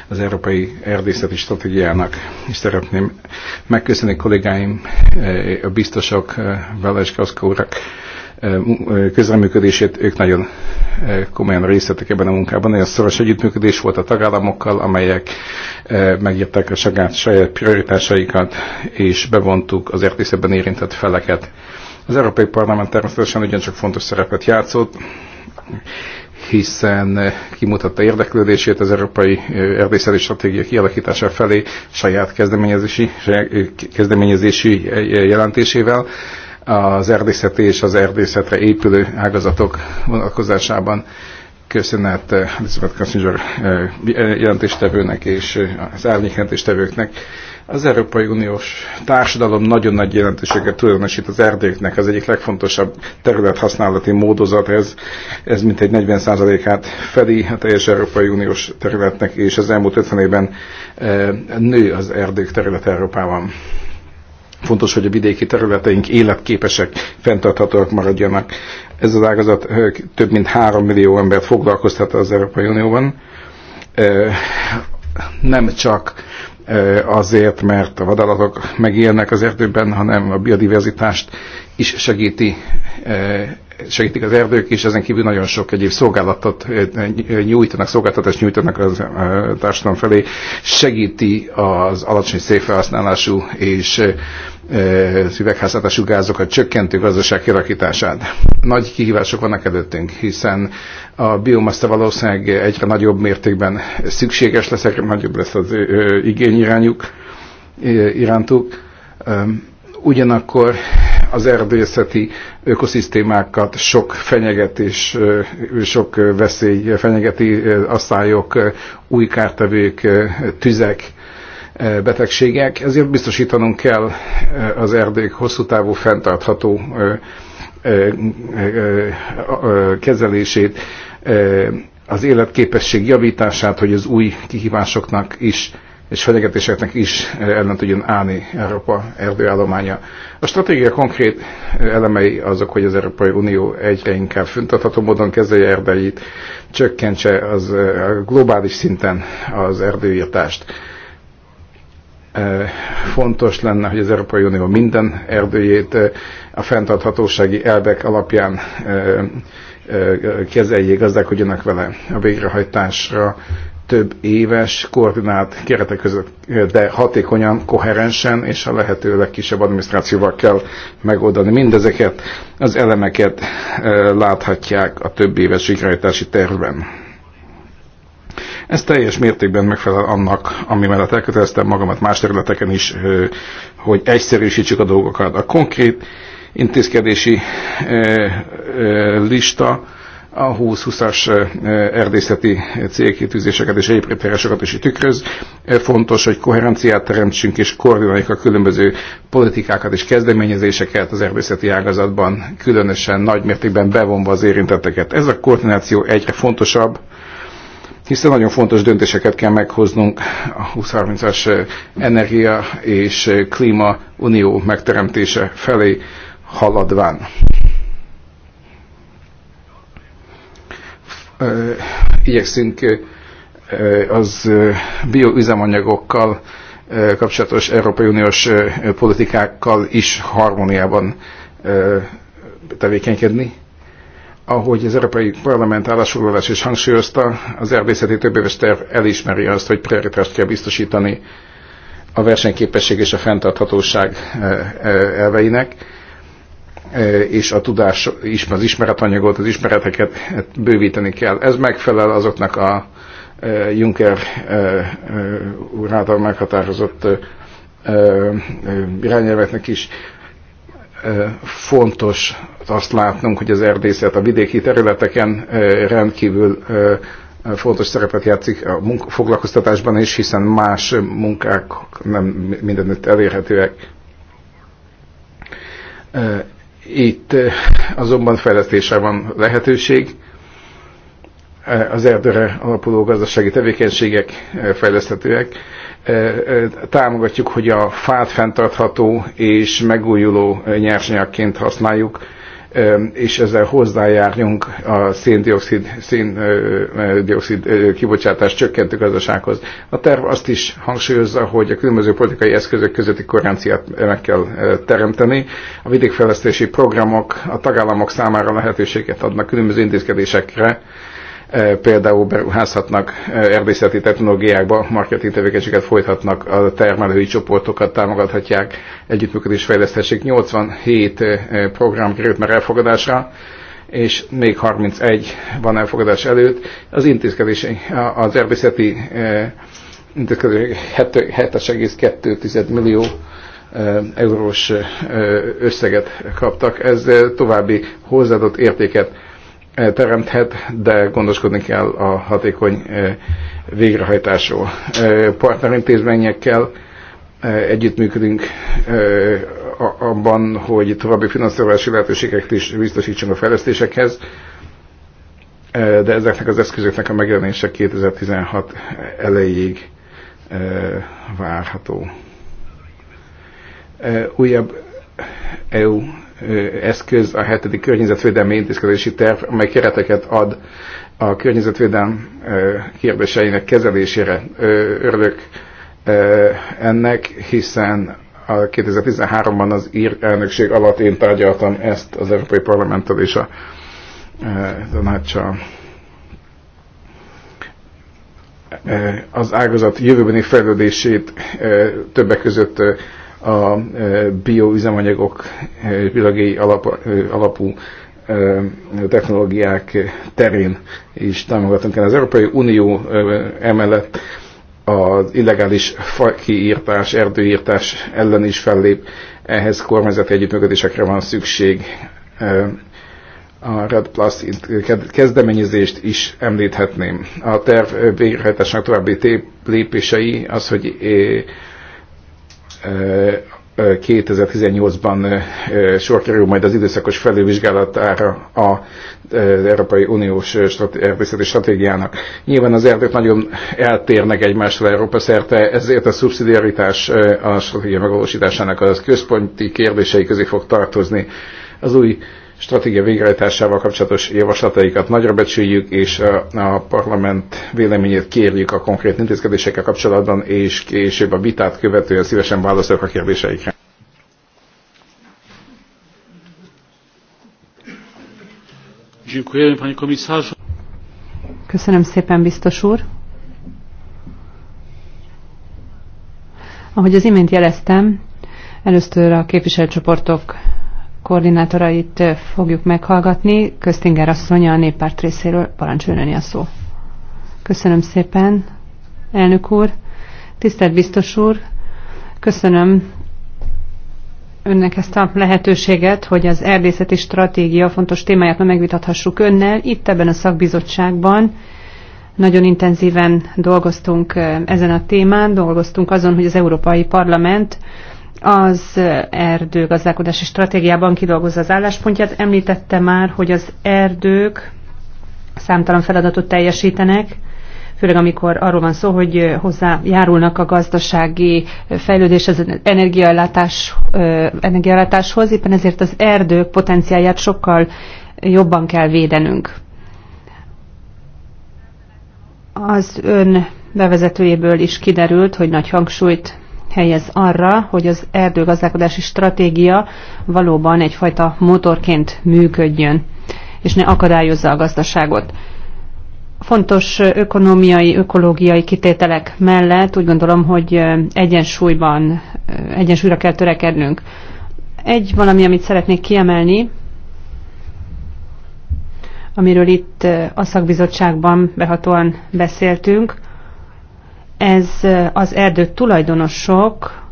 az Európai Erdészeti Stratégiának. És szeretném megköszönni kollégáim, eh, a biztosok, eh, Veles Kaszka urak, közreműködését, ők nagyon komolyan részletek ebben a munkában. Nagyon szoros együttműködés volt a tagállamokkal, amelyek megírták a saját prioritásaikat, és bevontuk az értészetben érintett feleket. Az Európai Parlament természetesen ugyancsak fontos szerepet játszott, hiszen kimutatta érdeklődését az európai erdészeti stratégia kialakítása felé saját kezdeményezési, kezdeményezési jelentésével, az erdészeti és az erdészetre épülő ágazatok vonatkozásában. Köszönet eh, Elizabeth Kassinger eh, jelentéstevőnek és eh, az árnyék jelentéstevőknek. Az Európai Uniós társadalom nagyon nagy jelentőséget tulajdonosít az erdőknek. Az egyik legfontosabb területhasználati módozat ez. Ez mintegy 40%-át fedi a teljes Európai Uniós területnek, és az elmúlt 50 évben nő az erdők terület Európában. Fontos, hogy a vidéki területeink életképesek, fenntarthatóak maradjanak. Ez az ágazat több mint 3 millió ember foglalkoztat az Európai Unióban. Nem csak azért, mert a vadállatok megélnek az erdőben, hanem a biodiverzitást is segíti segítik az erdők, és ezen kívül nagyon sok egyéb szolgálatot nyújtanak, szolgáltatást nyújtanak az társadalom felé, segíti az alacsony szénfelhasználású és szüvegházhatású gázokat csökkentő gazdaság kirakítását. Nagy kihívások vannak előttünk, hiszen a biomaszta valószínűleg egyre nagyobb mértékben szükséges lesz, egyre nagyobb lesz az igény irányuk, irántuk. Ugyanakkor az erdészeti ökoszisztémákat sok fenyegetés, sok veszély fenyegeti, asszályok, új kártevők, tüzek, betegségek, ezért biztosítanunk kell az erdők hosszú távú fenntartható kezelését, az életképesség javítását, hogy az új kihívásoknak is és fenyegetéseknek is ellen tudjon állni Európa erdőállománya. A stratégia konkrét elemei azok, hogy az Európai Unió egyre inkább föntartható módon kezelje erdeit, csökkentse az globális szinten az erdőírtást. Fontos lenne, hogy az Európai Unió minden erdőjét a fenntarthatósági elvek alapján kezeljék, gazdálkodjanak vele a végrehajtásra több éves koordinált keretek között, de hatékonyan, koherensen és a lehető legkisebb adminisztrációval kell megoldani mindezeket. Az elemeket láthatják a több éves végrehajtási tervben. Ez teljes mértékben megfelel annak, ami mellett elköteleztem magamat más területeken is, hogy egyszerűsítsük a dolgokat. A konkrét intézkedési lista a 20-20-as erdészeti célkitűzéseket és egyéb prioritásokat is tükröz. Fontos, hogy koherenciát teremtsünk és koordináljuk a különböző politikákat és kezdeményezéseket az erdészeti ágazatban, különösen nagy mértékben bevonva az érintetteket. Ez a koordináció egyre fontosabb, hiszen nagyon fontos döntéseket kell meghoznunk a 30 as energia és klíma unió megteremtése felé haladván. igyekszünk az bioüzemanyagokkal kapcsolatos Európai Uniós politikákkal is harmóniában tevékenykedni. Ahogy az Európai Parlament állásfoglalás is hangsúlyozta, az erdészeti többéves terv elismeri azt, hogy prioritást kell biztosítani a versenyképesség és a fenntarthatóság elveinek és a tudás, az ismeretanyagot, az ismereteket hát bővíteni kell. Ez megfelel azoknak a Juncker úr által meghatározott irányelveknek is fontos azt látnunk, hogy az erdészet a vidéki területeken rendkívül fontos szerepet játszik a foglalkoztatásban is, hiszen más munkák nem mindenütt elérhetőek itt eh, azonban fejlesztésre van lehetőség. Eh, az erdőre alapuló gazdasági tevékenységek eh, fejleszthetőek. Támogatjuk, hogy a fát fenntartható és megújuló nyersanyagként használjuk és ezzel hozzájárjunk a széndiokszid, széndiokszid kibocsátás csökkentő gazdasághoz. A terv azt is hangsúlyozza, hogy a különböző politikai eszközök közötti korrenciát meg kell teremteni. A vidékfejlesztési programok a tagállamok számára lehetőséget adnak különböző intézkedésekre, E, például beruházhatnak e, erdészeti technológiákba, marketing tevékenységet folytatnak, a termelői csoportokat támogathatják, együttműködés fejleszthessék. 87 e, program került már elfogadásra, és még 31 van elfogadás előtt. Az intézkedési, az erdészeti intézkedés 7,2 millió eurós összeget kaptak. Ez további hozzáadott értéket teremthet, de gondoskodni kell a hatékony e, végrehajtásról. E, partnerintézményekkel e, együttműködünk abban, hogy további finanszírozási lehetőségeket is biztosítsunk a fejlesztésekhez, de ezeknek az eszközöknek a megjelenése 2016 elejéig várható. Újabb EU eszköz, a hetedik környezetvédelmi intézkedési terv, amely kereteket ad a környezetvédelm kérdéseinek kezelésére. Örülök ennek, hiszen a 2013-ban az ír elnökség alatt én tárgyaltam ezt az Európai Parlamenttel és a tanácssal. Az ágazat jövőbeni fejlődését többek között a e, bioüzemanyagok, e, világi alap, e, alapú technológiák terén is támogatunk kell. Az Európai Unió emellett az illegális kiírtás, erdőírtás ellen is fellép, ehhez kormányzati együttműködésekre van szükség. A Red Plus kezdeményezést is említhetném. A terv végrehajtásának további lépései az, hogy 2018-ban sor kerül majd az időszakos felülvizsgálatára az Európai Uniós erdészeti stratégiának. Nyilván az erdők nagyon eltérnek egymástól Európa szerte, ezért a szubszidiaritás a stratégia megvalósításának az központi kérdései közé fog tartozni. Az új stratégia végrehajtásával kapcsolatos javaslataikat nagyra becsüljük, és a, a parlament véleményét kérjük a konkrét intézkedésekkel kapcsolatban, és később a vitát követően szívesen válaszolok a kérdéseikre. Köszönöm szépen, biztos úr. Ahogy az imént jeleztem, először a képviselőcsoportok koordinátorait fogjuk meghallgatni. Köztinger asszony a néppárt részéről parancsolni a szó. Köszönöm szépen, elnök úr. Tisztelt biztos úr, köszönöm önnek ezt a lehetőséget, hogy az erdészeti stratégia fontos témáját ma megvitathassuk önnel. Itt ebben a szakbizottságban nagyon intenzíven dolgoztunk ezen a témán, dolgoztunk azon, hogy az Európai Parlament az erdőgazdálkodási stratégiában kidolgozza az álláspontját. Említette már, hogy az erdők számtalan feladatot teljesítenek, főleg amikor arról van szó, hogy hozzájárulnak a gazdasági fejlődéshez, az energiaellátás, energiaellátáshoz, éppen ezért az erdők potenciáját sokkal jobban kell védenünk. Az ön bevezetőjéből is kiderült, hogy nagy hangsúlyt helyez arra, hogy az erdőgazdálkodási stratégia valóban egyfajta motorként működjön, és ne akadályozza a gazdaságot. Fontos ökonomiai, ökológiai kitételek mellett úgy gondolom, hogy egyensúlyban, egyensúlyra kell törekednünk. Egy valami, amit szeretnék kiemelni, amiről itt a szakbizottságban behatóan beszéltünk, ez az erdő tulajdonosok,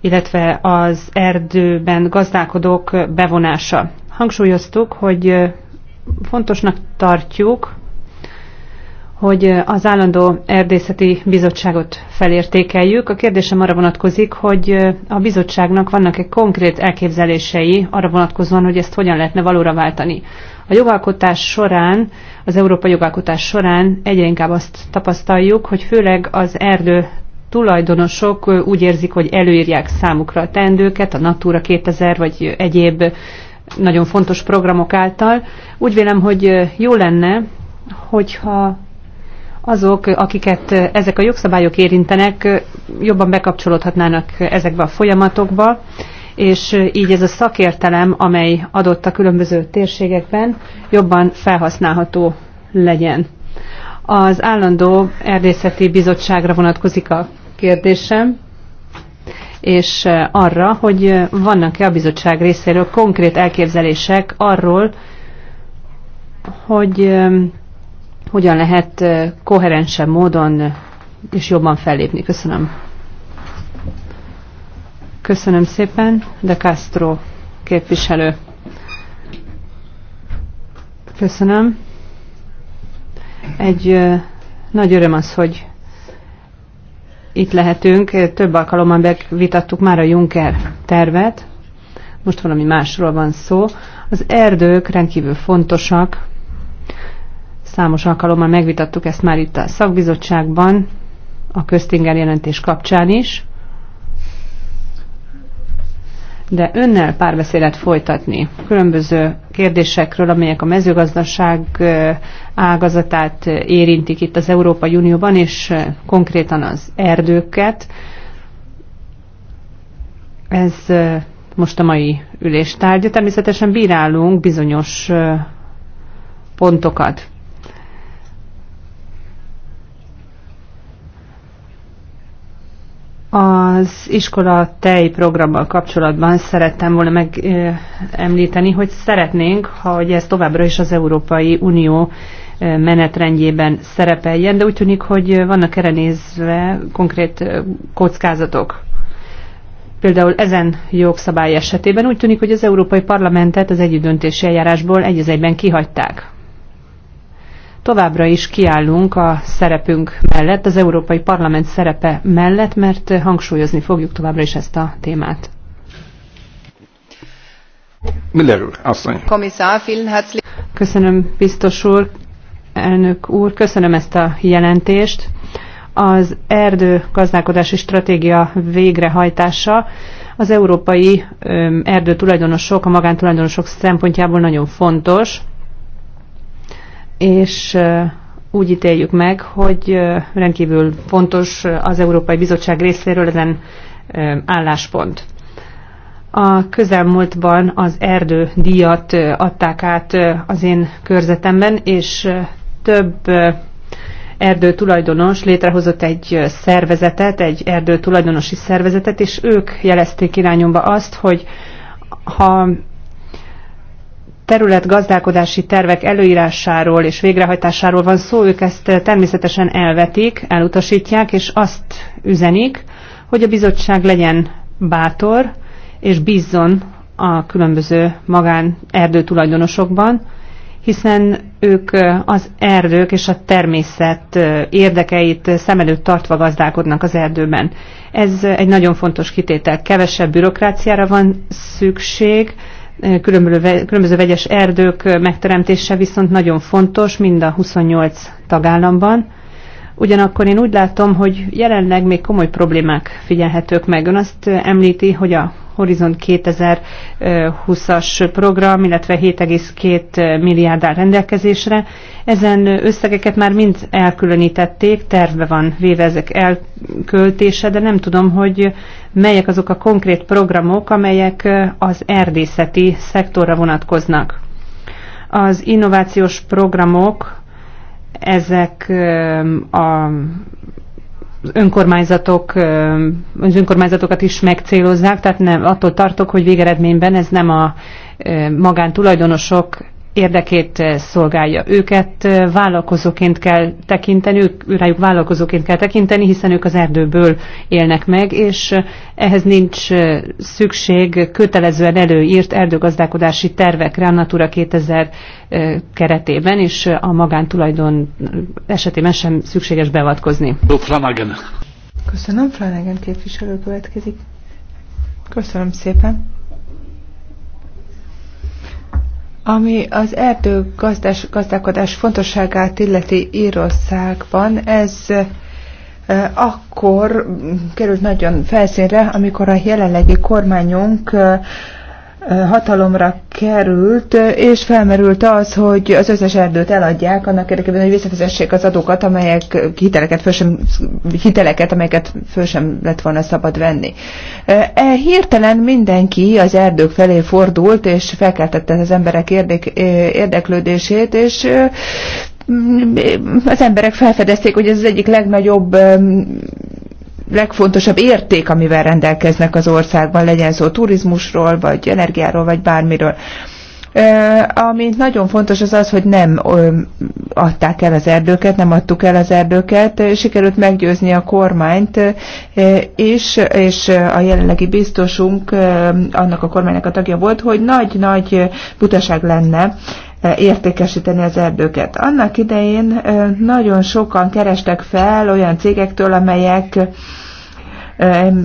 illetve az erdőben gazdálkodók bevonása. Hangsúlyoztuk, hogy fontosnak tartjuk hogy az állandó erdészeti bizottságot felértékeljük. A kérdésem arra vonatkozik, hogy a bizottságnak vannak-e konkrét elképzelései arra vonatkozóan, hogy ezt hogyan lehetne valóra váltani. A jogalkotás során, az európai jogalkotás során egyre inkább azt tapasztaljuk, hogy főleg az erdő tulajdonosok úgy érzik, hogy előírják számukra a teendőket, a Natura 2000 vagy egyéb nagyon fontos programok által. Úgy vélem, hogy jó lenne, hogyha azok, akiket ezek a jogszabályok érintenek, jobban bekapcsolódhatnának ezekbe a folyamatokba, és így ez a szakértelem, amely adott a különböző térségekben, jobban felhasználható legyen. Az állandó erdészeti bizottságra vonatkozik a kérdésem, és arra, hogy vannak-e a bizottság részéről konkrét elképzelések arról, hogy hogyan lehet koherensebb módon és jobban fellépni. Köszönöm. Köszönöm szépen, de Castro képviselő. Köszönöm. Egy nagy öröm az, hogy itt lehetünk. Több alkalommal megvitattuk már a Juncker tervet. Most valami másról van szó. Az erdők rendkívül fontosak Számos alkalommal megvitattuk ezt már itt a szakbizottságban, a köztinger jelentés kapcsán is. De önnel párbeszédet folytatni különböző kérdésekről, amelyek a mezőgazdaság eh, ágazatát eh, érintik itt az Európai Unióban, és eh, konkrétan az erdőket. Ez most a mai üléstárgya. Természetesen bírálunk bizonyos pontokat. Az iskola tej programmal kapcsolatban szerettem volna megemlíteni, hogy szeretnénk, hogy ez továbbra is az Európai Unió menetrendjében szerepeljen, de úgy tűnik, hogy vannak erre nézve konkrét kockázatok. Például ezen jogszabály esetében úgy tűnik, hogy az Európai Parlamentet az együttdöntési eljárásból egy egyben kihagyták továbbra is kiállunk a szerepünk mellett, az Európai Parlament szerepe mellett, mert hangsúlyozni fogjuk továbbra is ezt a témát. Miller úr, asszony. Komisszár, Köszönöm, biztos úr, elnök úr, köszönöm ezt a jelentést. Az erdő gazdálkodási stratégia végrehajtása az európai erdőtulajdonosok, a magántulajdonosok szempontjából nagyon fontos és úgy ítéljük meg, hogy rendkívül fontos az Európai Bizottság részéről ezen álláspont. A közelmúltban az erdő díjat adták át az én körzetemben, és több erdő tulajdonos létrehozott egy szervezetet, egy erdő tulajdonosi szervezetet, és ők jelezték irányomba azt, hogy ha területgazdálkodási tervek előírásáról és végrehajtásáról van szó, ők ezt természetesen elvetik, elutasítják, és azt üzenik, hogy a bizottság legyen bátor, és bízzon a különböző magán erdőtulajdonosokban, hiszen ők az erdők és a természet érdekeit szem előtt tartva gazdálkodnak az erdőben. Ez egy nagyon fontos kitétel. Kevesebb bürokráciára van szükség, különböző vegyes erdők megteremtése viszont nagyon fontos mind a 28 tagállamban, Ugyanakkor én úgy látom, hogy jelenleg még komoly problémák figyelhetők meg. Ön azt említi, hogy a Horizon 2020-as program, illetve 7,2 milliárd áll rendelkezésre. Ezen összegeket már mind elkülönítették, tervbe van véve ezek elköltése, de nem tudom, hogy melyek azok a konkrét programok, amelyek az erdészeti szektorra vonatkoznak. Az innovációs programok ezek a az önkormányzatok, az önkormányzatokat is megcélozzák, tehát nem, attól tartok, hogy végeredményben ez nem a magántulajdonosok érdekét eh, szolgálja. Őket eh, vállalkozóként kell tekinteni, ők, rájuk vállalkozóként kell tekinteni, hiszen ők az erdőből élnek meg, és eh, ehhez nincs szükség kötelezően előírt erdőgazdálkodási tervekre a Natura 2000 keretében, és a magántulajdon esetében sem szükséges beavatkozni. Köszönöm, Flanagan képviselő következik. Köszönöm szépen. Ami az erdő gazdás, gazdálkodás fontosságát illeti Írországban, ez akkor került nagyon felszínre, amikor a jelenlegi kormányunk hatalomra került, és felmerült az, hogy az összes erdőt eladják annak érdekében, hogy visszafizessék az adókat, amelyek hiteleket, föl sem, hiteleket amelyeket föl sem lett volna szabad venni. E, hirtelen mindenki az erdők felé fordult, és felkeltette az emberek érdek, érdeklődését, és az emberek felfedezték, hogy ez az egyik legnagyobb legfontosabb érték, amivel rendelkeznek az országban, legyen szó turizmusról, vagy energiáról, vagy bármiről. Ami nagyon fontos az az, hogy nem adták el az erdőket, nem adtuk el az erdőket, sikerült meggyőzni a kormányt és és a jelenlegi biztosunk annak a kormánynak a tagja volt, hogy nagy-nagy butaság lenne értékesíteni az erdőket. Annak idején nagyon sokan kerestek fel olyan cégektől, amelyek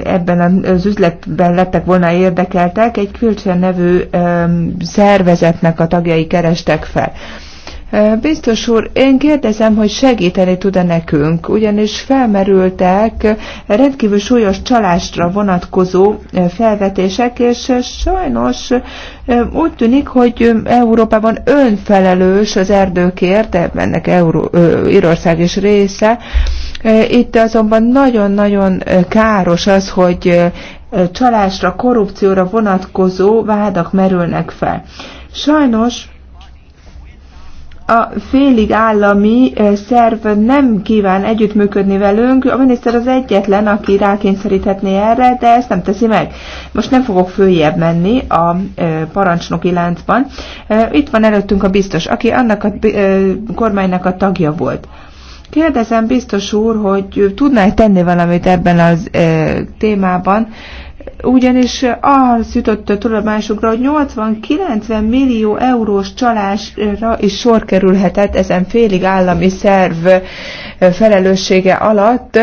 ebben az üzletben lettek volna érdekeltek, egy Quiltshire nevű szervezetnek a tagjai kerestek fel. Biztos úr, én kérdezem, hogy segíteni tud-e nekünk, ugyanis felmerültek rendkívül súlyos csalásra vonatkozó felvetések, és sajnos úgy tűnik, hogy Európában önfelelős az erdőkért, ennek Euró, Írország is része, itt azonban nagyon-nagyon káros az, hogy csalásra, korrupcióra vonatkozó vádak merülnek fel. Sajnos a félig állami szerv nem kíván együttműködni velünk, a miniszter az egyetlen, aki rákényszeríthetné erre, de ezt nem teszi meg. Most nem fogok följebb menni a parancsnoki láncban. Itt van előttünk a biztos, aki annak a kormánynak a tagja volt. Kérdezem biztos úr, hogy tudná -e tenni valamit ebben az témában, ugyanis az jutott a tudomásunkra, hogy 80-90 millió eurós csalásra is sor kerülhetett ezen félig állami szerv felelőssége alatt.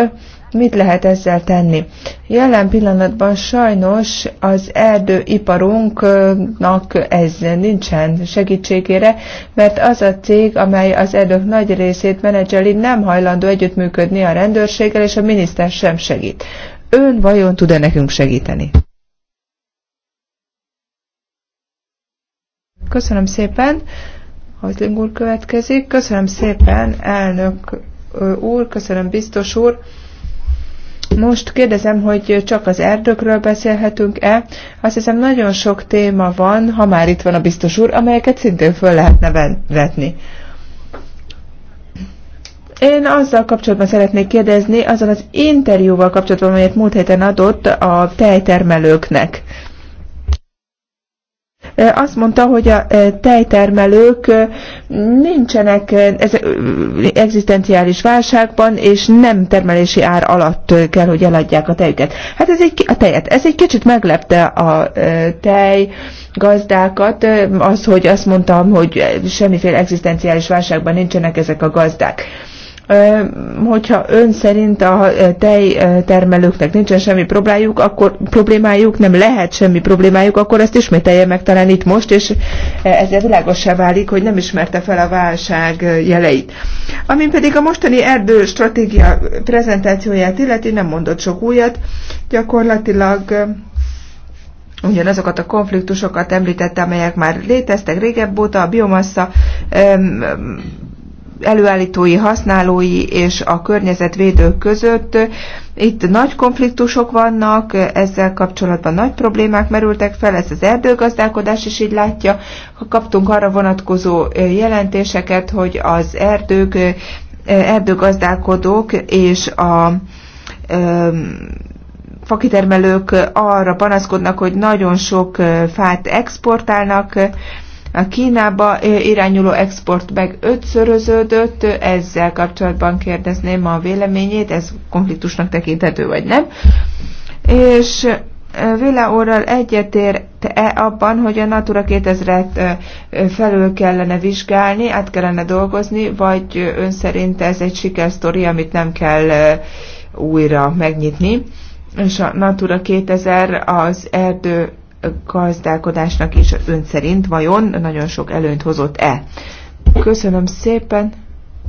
Mit lehet ezzel tenni? Jelen pillanatban sajnos az erdőiparunknak ez nincsen segítségére, mert az a cég, amely az erdők nagy részét menedzseli, nem hajlandó együttműködni a rendőrséggel, és a miniszter sem segít ön vajon tud-e nekünk segíteni? Köszönöm szépen. Hajtling úr következik. Köszönöm szépen, elnök úr, köszönöm biztos úr. Most kérdezem, hogy csak az erdőkről beszélhetünk-e? Azt hiszem, nagyon sok téma van, ha már itt van a biztos úr, amelyeket szintén föl lehetne vetni. Én azzal kapcsolatban szeretnék kérdezni, azon az interjúval kapcsolatban, amelyet múlt héten adott a tejtermelőknek. Azt mondta, hogy a tejtermelők nincsenek ez, egzisztenciális válságban, és nem termelési ár alatt kell, hogy eladják a tejüket. Hát ez egy, a tejet. Ez egy kicsit meglepte a tej gazdákat, az, hogy azt mondtam, hogy semmiféle egzisztenciális válságban nincsenek ezek a gazdák hogyha ön szerint a tejtermelőknek nincsen semmi problémájuk, akkor problémájuk nem lehet semmi problémájuk, akkor ezt ismételje meg talán itt most, és ezzel világosá válik, hogy nem ismerte fel a válság jeleit. Amin pedig a mostani erdő stratégia prezentációját illeti, nem mondott sok újat, gyakorlatilag ugyanazokat a konfliktusokat említette, amelyek már léteztek régebb óta, a biomassa előállítói, használói és a környezetvédők között. Itt nagy konfliktusok vannak, ezzel kapcsolatban nagy problémák merültek fel, Ez az erdőgazdálkodás is így látja. Kaptunk arra vonatkozó jelentéseket, hogy az erdők, erdőgazdálkodók és a fakitermelők arra panaszkodnak, hogy nagyon sok fát exportálnak, a Kínába irányuló export meg ötszöröződött, ezzel kapcsolatban kérdezném a véleményét, ez konfliktusnak tekinthető vagy nem. És Vila Orral egyetért-e abban, hogy a Natura 2000-et felül kellene vizsgálni, át kellene dolgozni, vagy ön szerint ez egy sikersztori, amit nem kell újra megnyitni? És a Natura 2000 az erdő gazdálkodásnak is ön szerint vajon nagyon sok előnyt hozott-e? Köszönöm szépen,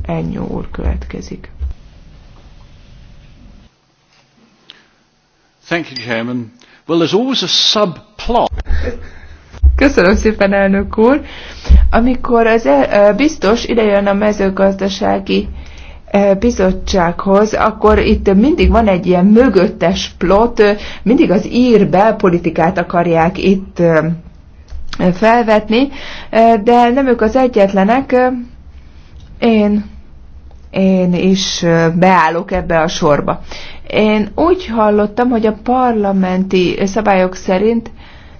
ennyi úr következik. Thank you, Chairman. Well, there's always a subplot. Köszönöm szépen, elnök úr. Amikor az el, biztos idejön a mezőgazdasági bizottsághoz, akkor itt mindig van egy ilyen mögöttes plot, mindig az ír belpolitikát akarják itt felvetni, de nem ők az egyetlenek. Én, én is beállok ebbe a sorba. Én úgy hallottam, hogy a parlamenti szabályok szerint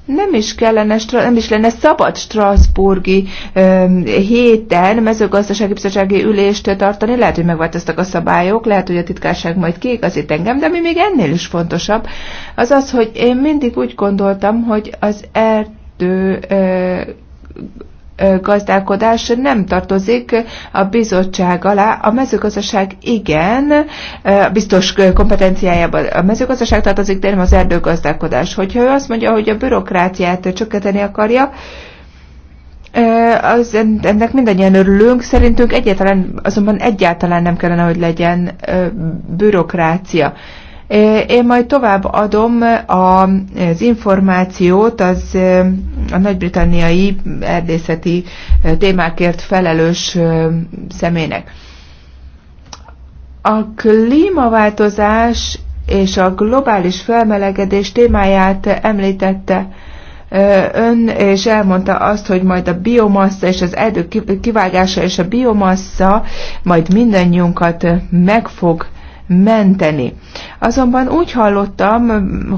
nem is kellene, nem is lenne szabad Strasburgi um, héten mezőgazdasági bizottsági ülést tartani. Lehet, hogy megváltoztak a szabályok, lehet, hogy a titkárság majd kiigazít engem, de ami még ennél is fontosabb, az az, hogy én mindig úgy gondoltam, hogy az erdő uh, gazdálkodás nem tartozik a bizottság alá. A mezőgazdaság igen, biztos kompetenciájában a mezőgazdaság tartozik, de nem az erdőgazdálkodás. Hogyha ő azt mondja, hogy a bürokráciát csökkenteni akarja, az, ennek mindannyian örülünk, szerintünk egyáltalán, azonban egyáltalán nem kellene, hogy legyen bürokrácia. Én majd tovább adom az információt az a nagybritanniai erdészeti témákért felelős személynek. A klímaváltozás és a globális felmelegedés témáját említette ön, és elmondta azt, hogy majd a biomassa és az erdő kivágása és a biomassa majd mindannyiunkat meg fog menteni. Azonban úgy hallottam,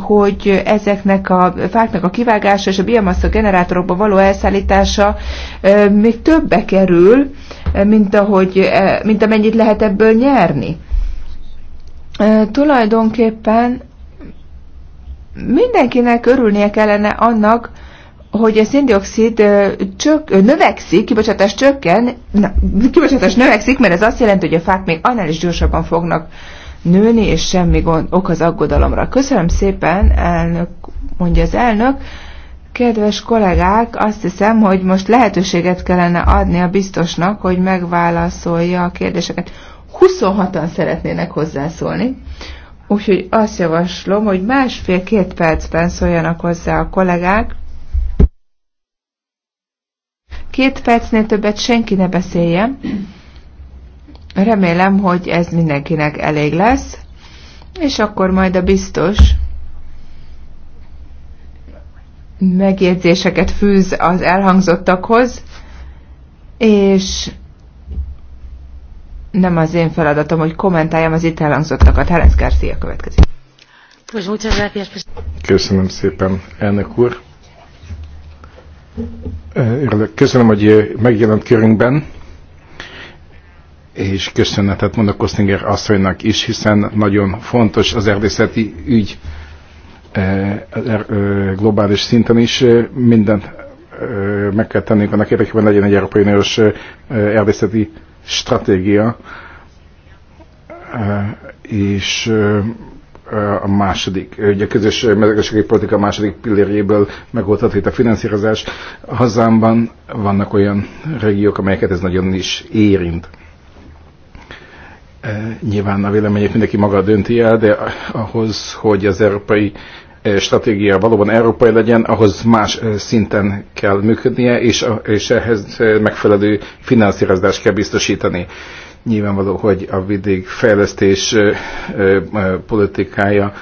hogy ezeknek a fáknak a kivágása és a biomassa generátorokba való elszállítása még többe kerül, mint, ahogy, mint amennyit lehet ebből nyerni. Tulajdonképpen mindenkinek örülnie kellene annak, hogy a széndiokszid csök, növekszik, kibocsátás csökken, na, kibocsátás növekszik, mert ez azt jelenti, hogy a fák még annál is gyorsabban fognak nőni, és semmi gond, ok az aggodalomra. Köszönöm szépen, elnök, mondja az elnök. Kedves kollégák, azt hiszem, hogy most lehetőséget kellene adni a biztosnak, hogy megválaszolja a kérdéseket. 26-an szeretnének hozzászólni, úgyhogy azt javaslom, hogy másfél-két percben szóljanak hozzá a kollégák, Két percnél többet senki ne beszéljen. Remélem, hogy ez mindenkinek elég lesz, és akkor majd a biztos megjegyzéseket fűz az elhangzottakhoz, és nem az én feladatom, hogy kommentáljam az itt elhangzottakat. Helen Garcia következik. Köszönöm szépen, elnök úr. Köszönöm, hogy megjelent körünkben, és köszönetet mondok Kostinger asszonynak is, hiszen nagyon fontos az erdészeti ügy globális szinten is. Mindent meg kell tennünk annak érdekében, legyen egy Európai Uniós erdészeti stratégia, és a második, ugye a közös mezőgazdasági politika második pillérjéből megoldható itt a finanszírozás. A hazámban vannak olyan régiók, amelyeket ez nagyon is érint. E, nyilván a vélemények mindenki maga dönti el, de ahhoz, hogy az európai e, stratégia valóban európai legyen, ahhoz más e, szinten kell működnie, és, és ehhez megfelelő finanszírozást kell biztosítani. Nyilvánvaló, hogy a ö, politikája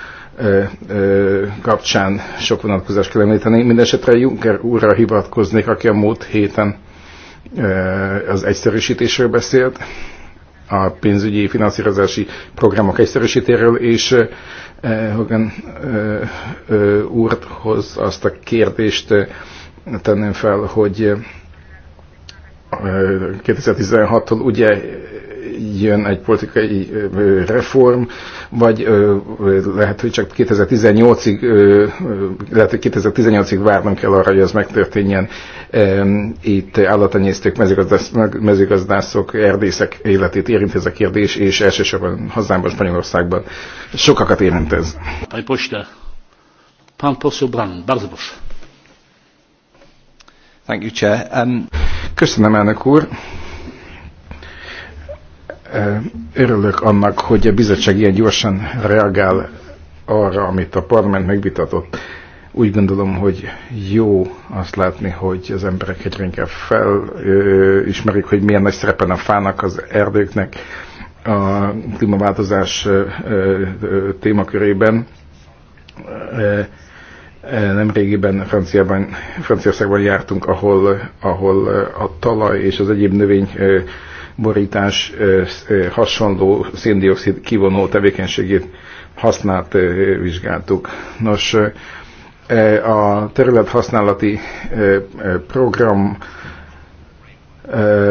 kapcsán sok vonatkozást kell említeni. Mindenesetre Juncker úrra hivatkoznék, aki a múlt héten az egyszerűsítésről beszélt, a pénzügyi finanszírozási programok egyszerűsítéről, és Hogan úrhoz azt a kérdést tenném fel, hogy 2016-tól ugye jön egy politikai reform, vagy lehet, hogy csak 2018-ig, lehet, hogy 2018-ig várnunk kell arra, hogy ez megtörténjen. Itt állatanyésztők, mezőgazdászok, mezőgazdászok, erdészek életét érint ez a kérdés, és elsősorban hazámban, Spanyolországban sokakat érint ez. Thank you, Chair. Um... Köszönöm, elnök úr. Örülök annak, hogy a bizottság ilyen gyorsan reagál arra, amit a parlament megvitatott. Úgy gondolom, hogy jó azt látni, hogy az emberek egyre inkább felismerik, hogy milyen nagy szerepen a fának, az erdőknek a klímaváltozás témakörében. Nemrégiben Franciában, Franciaországban jártunk, ahol, ahol a talaj és az egyéb növény borítás hasonló széndiokszid kivonó tevékenységét használt vizsgáltuk. Nos, a területhasználati program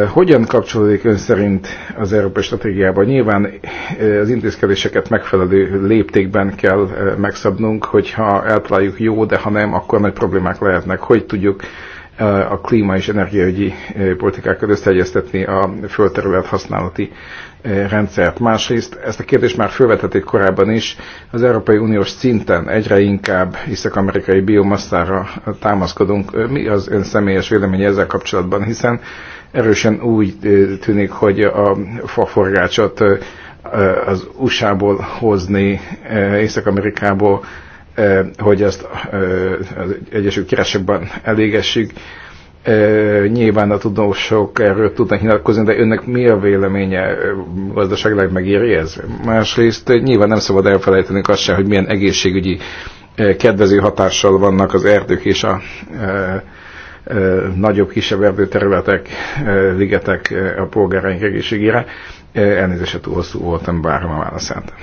hogyan kapcsolódik ön szerint az Európai Stratégiába? Nyilván az intézkedéseket megfelelő léptékben kell megszabnunk, hogyha eltaláljuk jó, de ha nem, akkor nagy problémák lehetnek. Hogy tudjuk a klíma és energiaügyi politikákat összeegyeztetni a földterület használati rendszert. Másrészt ezt a kérdést már felvetették korábban is, az Európai Uniós szinten egyre inkább észak-amerikai biomasszára támaszkodunk. Mi az ön személyes véleménye ezzel kapcsolatban, hiszen erősen úgy tűnik, hogy a faforgácsot az USA-ból hozni, Észak-Amerikából hogy azt az Egyesült Királyságban elégessük. Nyilván a tudósok erről tudnak nyilatkozni, de önnek mi a véleménye? Gazdaságilag megéri ez? Másrészt nyilván nem szabad elfelejteni azt sem, hogy milyen egészségügyi kedvező hatással vannak az erdők és a nagyobb, kisebb erdőterületek, ligetek a polgáraink egészségére. Elnézést, túl hosszú voltam, várom a válaszát.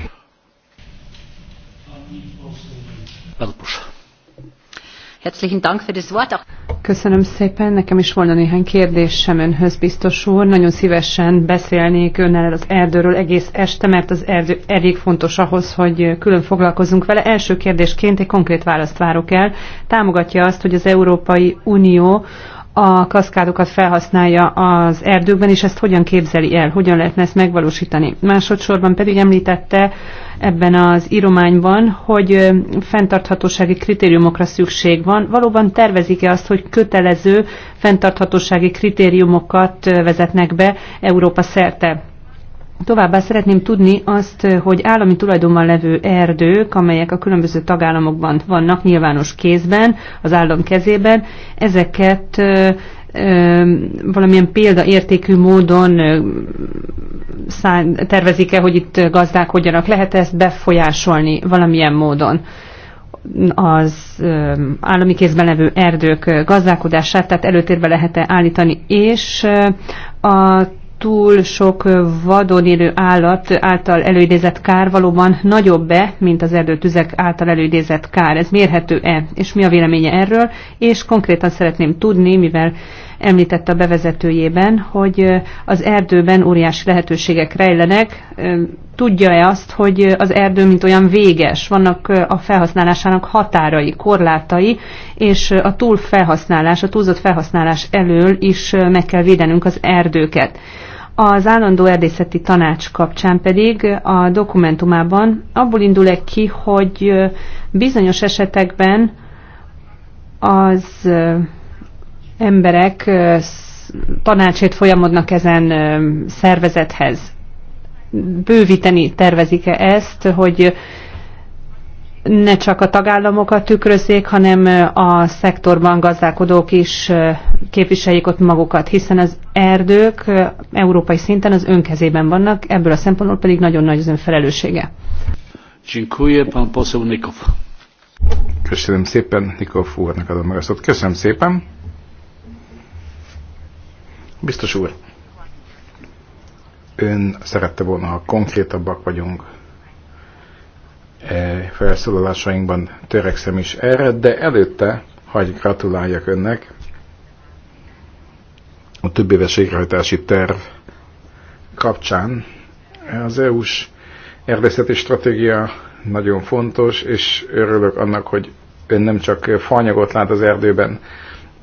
Köszönöm szépen. Nekem is volna néhány kérdésem önhöz, biztos úr. Nagyon szívesen beszélnék önnel az erdőről egész este, mert az erdő elég fontos ahhoz, hogy külön foglalkozunk vele. Első kérdésként egy konkrét választ várok el. Támogatja azt, hogy az Európai Unió a kaszkádokat felhasználja az erdőkben, és ezt hogyan képzeli el, hogyan lehetne ezt megvalósítani. Másodszorban pedig említette ebben az írományban, hogy fenntarthatósági kritériumokra szükség van. Valóban tervezik-e azt, hogy kötelező fenntarthatósági kritériumokat vezetnek be Európa szerte? Továbbá szeretném tudni azt, hogy állami tulajdonban levő erdők, amelyek a különböző tagállamokban vannak nyilvános kézben, az állam kezében, ezeket ö, ö, valamilyen példaértékű módon tervezik-e, hogy itt gazdák, hogyanak. Lehet -e ezt befolyásolni valamilyen módon? az állami kézben levő erdők gazdálkodását, tehát előtérbe lehet-e állítani, és a túl sok vadon élő állat által előidézett kár valóban nagyobb-e, mint az erdőtüzek által előidézett kár? Ez mérhető-e? És mi a véleménye erről? És konkrétan szeretném tudni, mivel említette a bevezetőjében, hogy az erdőben óriási lehetőségek rejlenek. Tudja-e azt, hogy az erdő mint olyan véges, vannak a felhasználásának határai, korlátai, és a túl felhasználás, a túlzott felhasználás elől is meg kell védenünk az erdőket. Az állandó erdészeti tanács kapcsán pedig a dokumentumában abból indulek ki, hogy bizonyos esetekben az emberek tanácsét folyamodnak ezen szervezethez. Bővíteni tervezik-e ezt, hogy ne csak a tagállamokat tükrözzék, hanem a szektorban gazdálkodók is képviseljék ott magukat, hiszen az erdők európai szinten az önkezében vannak, ebből a szempontból pedig nagyon nagy az önfelelőssége. Köszönöm szépen, Nikov úrnak adom meg a szót. Köszönöm szépen. Biztos úr, ön szerette volna, ha konkrétabbak vagyunk E, felszólalásainkban törekszem is erre, de előtte hagyj gratuláljak önnek. A több éves végrehajtási terv kapcsán az EU-s erdészeti stratégia nagyon fontos, és örülök annak, hogy ön nem csak fanyagot lát az erdőben.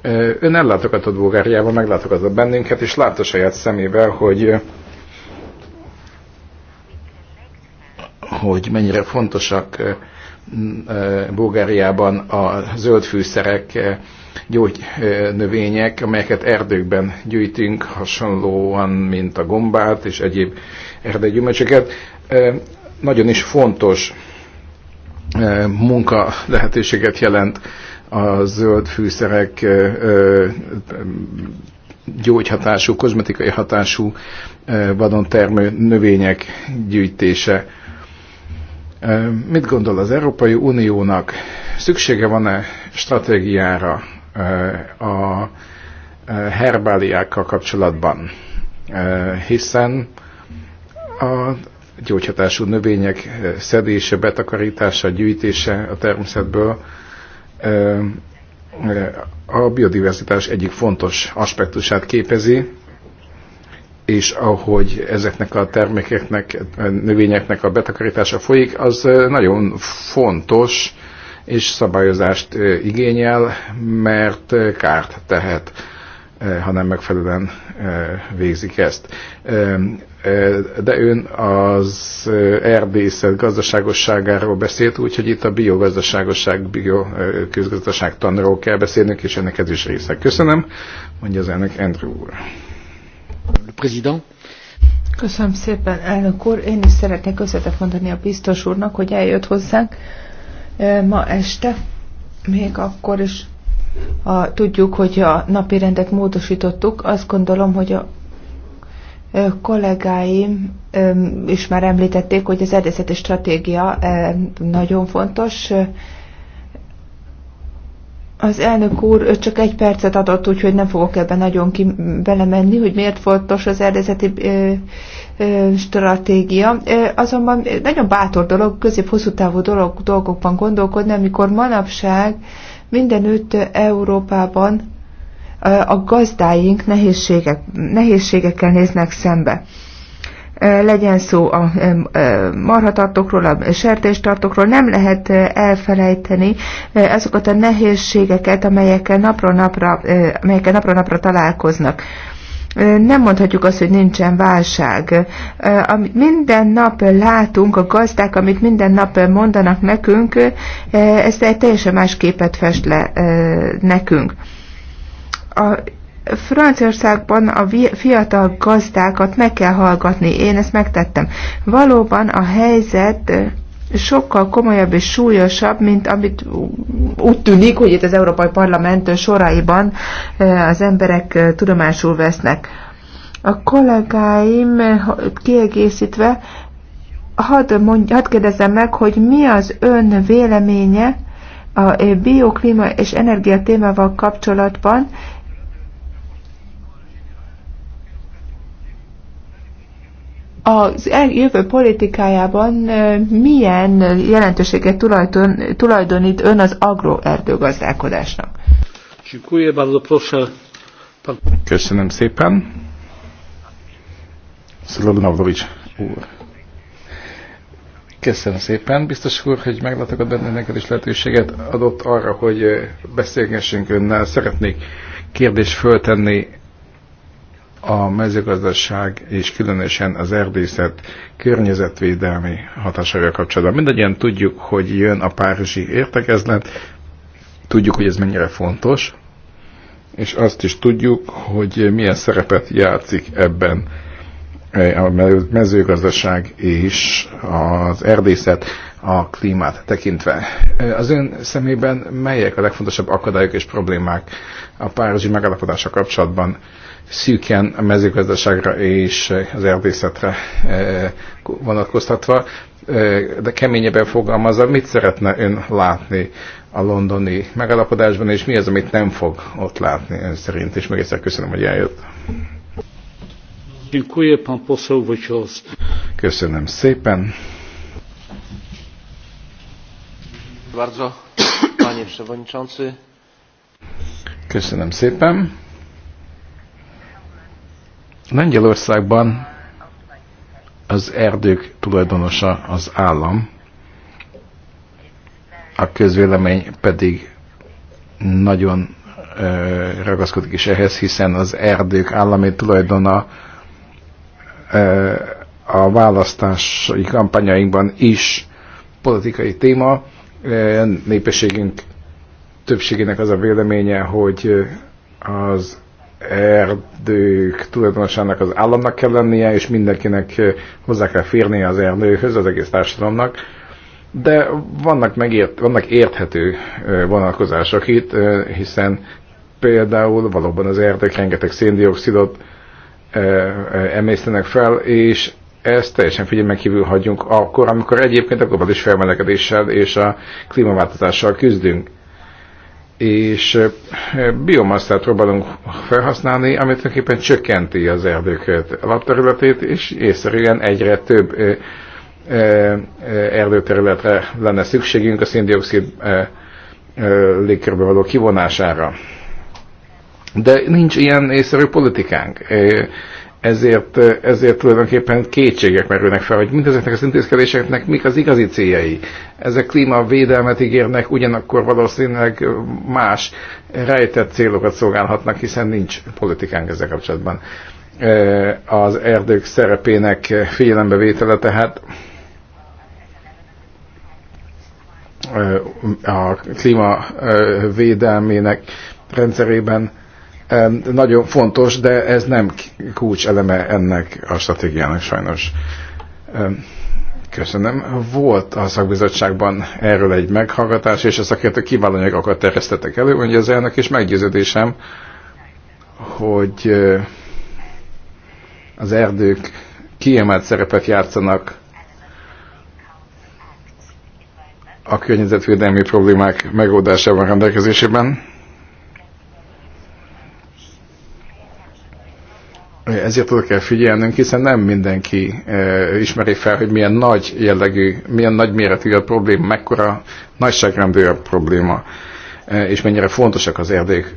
E, ön ellátogatott Bulgáriában, meglátogatott bennünket, és látta saját szemével, hogy hogy mennyire fontosak Bulgáriában a zöldfűszerek, gyógynövények, amelyeket erdőkben gyűjtünk, hasonlóan, mint a gombát és egyéb erdőgyümölcsöket. Nagyon is fontos munka lehetőséget jelent a zöld fűszerek gyógyhatású, kozmetikai hatású vadon termő növények gyűjtése Mit gondol az Európai Uniónak? Szüksége van-e stratégiára a herbáliákkal kapcsolatban? Hiszen a gyógyhatású növények szedése, betakarítása, gyűjtése a természetből a biodiverzitás egyik fontos aspektusát képezi, és ahogy ezeknek a termékeknek, növényeknek a betakarítása folyik, az nagyon fontos és szabályozást igényel, mert kárt tehet, ha nem megfelelően végzik ezt. De ön az erdészet gazdaságosságáról beszélt, úgyhogy itt a biogazdaságosság, bioközgazdaság tanról kell beszélnünk, és ennek ez is része. Köszönöm, mondja az ennek Andrew úr. Köszönöm szépen, elnök úr. Én is szeretnék köszönetet mondani a biztos úrnak, hogy eljött hozzánk eh, ma este, még akkor is a, tudjuk, hogy a napi rendet módosítottuk. Azt gondolom, hogy a eh, kollégáim eh, is már említették, hogy az erdészeti stratégia nagyon fontos, az elnök úr csak egy percet adott, úgyhogy nem fogok ebben nagyon ki belemenni, hogy miért fontos az erdezeti ö, ö, stratégia. Ö, azonban nagyon bátor dolog, közép-hosszú távú dolog, dolgokban gondolkodni, amikor manapság mindenütt Európában a gazdáink nehézségek, nehézségekkel néznek szembe legyen szó a marhatartókról, a sertéstartokról, nem lehet elfelejteni azokat a nehézségeket, amelyekkel napról napra, amelyekkel napról napra találkoznak. Nem mondhatjuk azt, hogy nincsen válság. Amit minden nap látunk, a gazdák, amit minden nap mondanak nekünk, ez egy teljesen más képet fest le nekünk. A Franciaországban a fiatal gazdákat meg kell hallgatni, én ezt megtettem. Valóban a helyzet sokkal komolyabb és súlyosabb, mint amit úgy tűnik, hogy itt az Európai Parlament soraiban az emberek tudomásul vesznek. A kollégáim kiegészítve, hadd, mondj, hadd kérdezzem meg, hogy mi az ön véleménye a bioklíma és energia témával kapcsolatban, az jövő politikájában milyen jelentőséget tulajdon, tulajdonít ön az agroerdőgazdálkodásnak? Köszönöm szépen. Szolobnovics úr. Köszönöm szépen, biztos úr, hogy meglátogat bennünket is lehetőséget adott arra, hogy beszélgessünk önnel. Szeretnék kérdést föltenni a mezőgazdaság és különösen az erdészet környezetvédelmi hatásával kapcsolatban. Mindegyen tudjuk, hogy jön a párizsi értekezlet, tudjuk, hogy ez mennyire fontos, és azt is tudjuk, hogy milyen szerepet játszik ebben eh, a mezőgazdaság és az erdészet a klímát tekintve. Eh, az ön szemében melyek a legfontosabb akadályok és problémák a párizsi megállapodása kapcsolatban? szűken a mezőgazdaságra és az erdészetre eh, vonatkoztatva, eh, de keményebben fogalmazza, mit szeretne ön látni a londoni megalapodásban, és mi az, amit nem fog ott látni ön szerint, és még egyszer köszönöm, hogy eljött. Köszönöm szépen. Bardzo, panie przewodniczący. Köszönöm szépen. Lengyelországban az erdők tulajdonosa az állam, a közvélemény pedig nagyon ragaszkodik is ehhez, hiszen az erdők állami tulajdona a választási kampányainkban is politikai téma. Népességünk többségének az a véleménye, hogy az erdők tulajdonosának az államnak kell lennie, és mindenkinek eh, hozzá kell férnie az erdőhöz, az egész társadalomnak. De vannak, megért, vannak érthető eh, vonalkozások itt, eh, hiszen például valóban az erdők rengeteg széndiokszidot emésztenek fel, és ezt teljesen figyelmen kívül hagyjunk akkor, amikor egyébként a globális felmelegedéssel és a klímaváltozással küzdünk és biomasszát próbálunk felhasználni, ami tulajdonképpen csökkenti az erdők lapterületét, és észszerűen egyre több erdőterületre lenne szükségünk a széndiokszid légkörbe való kivonására. De nincs ilyen észszerű politikánk ezért, ezért tulajdonképpen kétségek merülnek fel, hogy mindezeknek az intézkedéseknek mik az igazi céljai. Ezek klímavédelmet ígérnek, ugyanakkor valószínűleg más rejtett célokat szolgálhatnak, hiszen nincs politikánk ezzel kapcsolatban. Az erdők szerepének figyelembevétele tehát a klímavédelmének rendszerében nagyon fontos, de ez nem kulcs eleme ennek a stratégiának sajnos. Köszönöm. Volt a szakbizottságban erről egy meghallgatás, és a szakértő kiváló anyagokat terjesztettek elő, mondja az elnök, és meggyőződésem, hogy az erdők kiemelt szerepet játszanak a környezetvédelmi problémák megoldásában, rendelkezésében Ezért oda kell figyelnünk, hiszen nem mindenki e, ismeri fel, hogy milyen nagy jellegű, milyen nagy méretű a probléma, mekkora nagyságrendű a probléma, e, és mennyire fontosak az erdék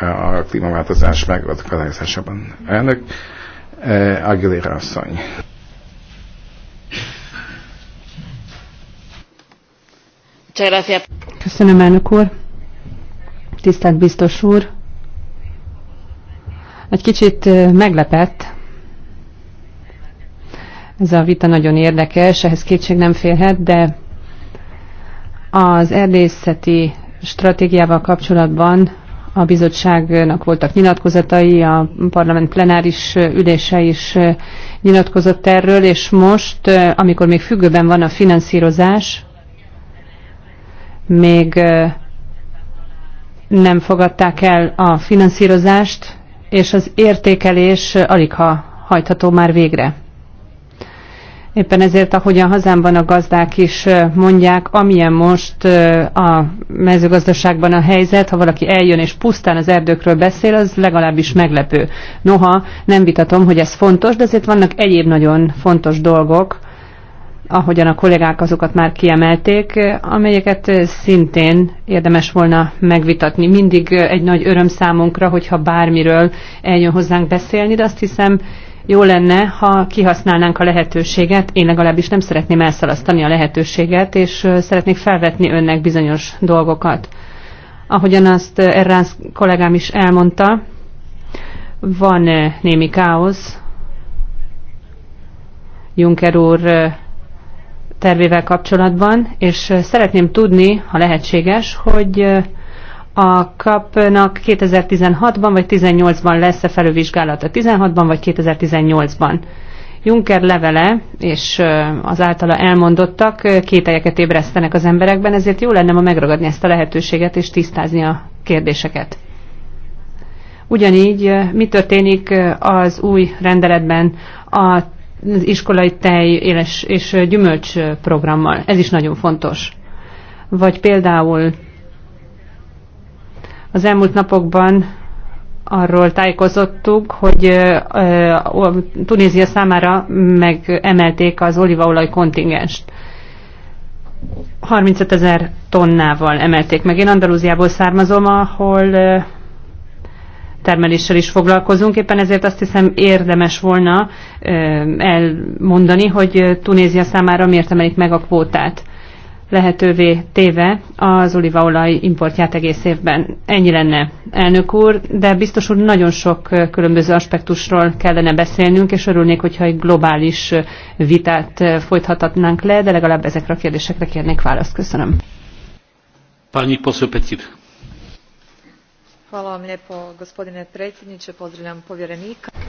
e, a klímaváltozás megakadályozásában. Elnök e, Aguilera asszony. Köszönöm, elnök úr. Tisztelt biztos úr. Egy kicsit meglepett. Ez a vita nagyon érdekes, ehhez kétség nem félhet, de az erdészeti stratégiával kapcsolatban a bizottságnak voltak nyilatkozatai, a parlament plenáris ülése is nyilatkozott erről, és most, amikor még függőben van a finanszírozás, még nem fogadták el a finanszírozást, és az értékelés ha hajtható már végre. Éppen ezért, ahogyan hazámban a gazdák is mondják, amilyen most a mezőgazdaságban a helyzet, ha valaki eljön és pusztán az erdőkről beszél, az legalábbis meglepő. Noha nem vitatom, hogy ez fontos, de azért vannak egyéb nagyon fontos dolgok, ahogyan a kollégák azokat már kiemelték, amelyeket szintén érdemes volna megvitatni. Mindig egy nagy öröm számunkra, hogyha bármiről eljön hozzánk beszélni, de azt hiszem jó lenne, ha kihasználnánk a lehetőséget. Én legalábbis nem szeretném elszalasztani a lehetőséget, és szeretnék felvetni önnek bizonyos dolgokat. Ahogyan azt Erránsz kollégám is elmondta, van némi káosz. Juncker úr tervével kapcsolatban, és szeretném tudni, ha lehetséges, hogy a kapnak 2016-ban vagy 2018-ban lesz-e felővizsgálata 16-ban vagy 2018-ban. Juncker levele és az általa elmondottak kételyeket ébresztenek az emberekben, ezért jó lenne ma megragadni ezt a lehetőséget és tisztázni a kérdéseket. Ugyanígy mi történik az új rendeletben a az iskolai tej éles és gyümölcs programmal. Ez is nagyon fontos. Vagy például az elmúlt napokban arról tájékozottuk, hogy Tunézia számára megemelték az olívaolaj kontingenst. 35 ezer tonnával emelték meg. Én Andalúziából származom, ahol termeléssel is foglalkozunk. Éppen ezért azt hiszem érdemes volna elmondani, hogy Tunézia számára miért emelik meg a kvótát lehetővé téve az olívaolaj importját egész évben. Ennyi lenne, elnök úr, de biztos úr nagyon sok különböző aspektusról kellene beszélnünk, és örülnék, hogyha egy globális vitát folytathatnánk le, de legalább ezekre a kérdésekre kérnék választ. Köszönöm. Pani poseł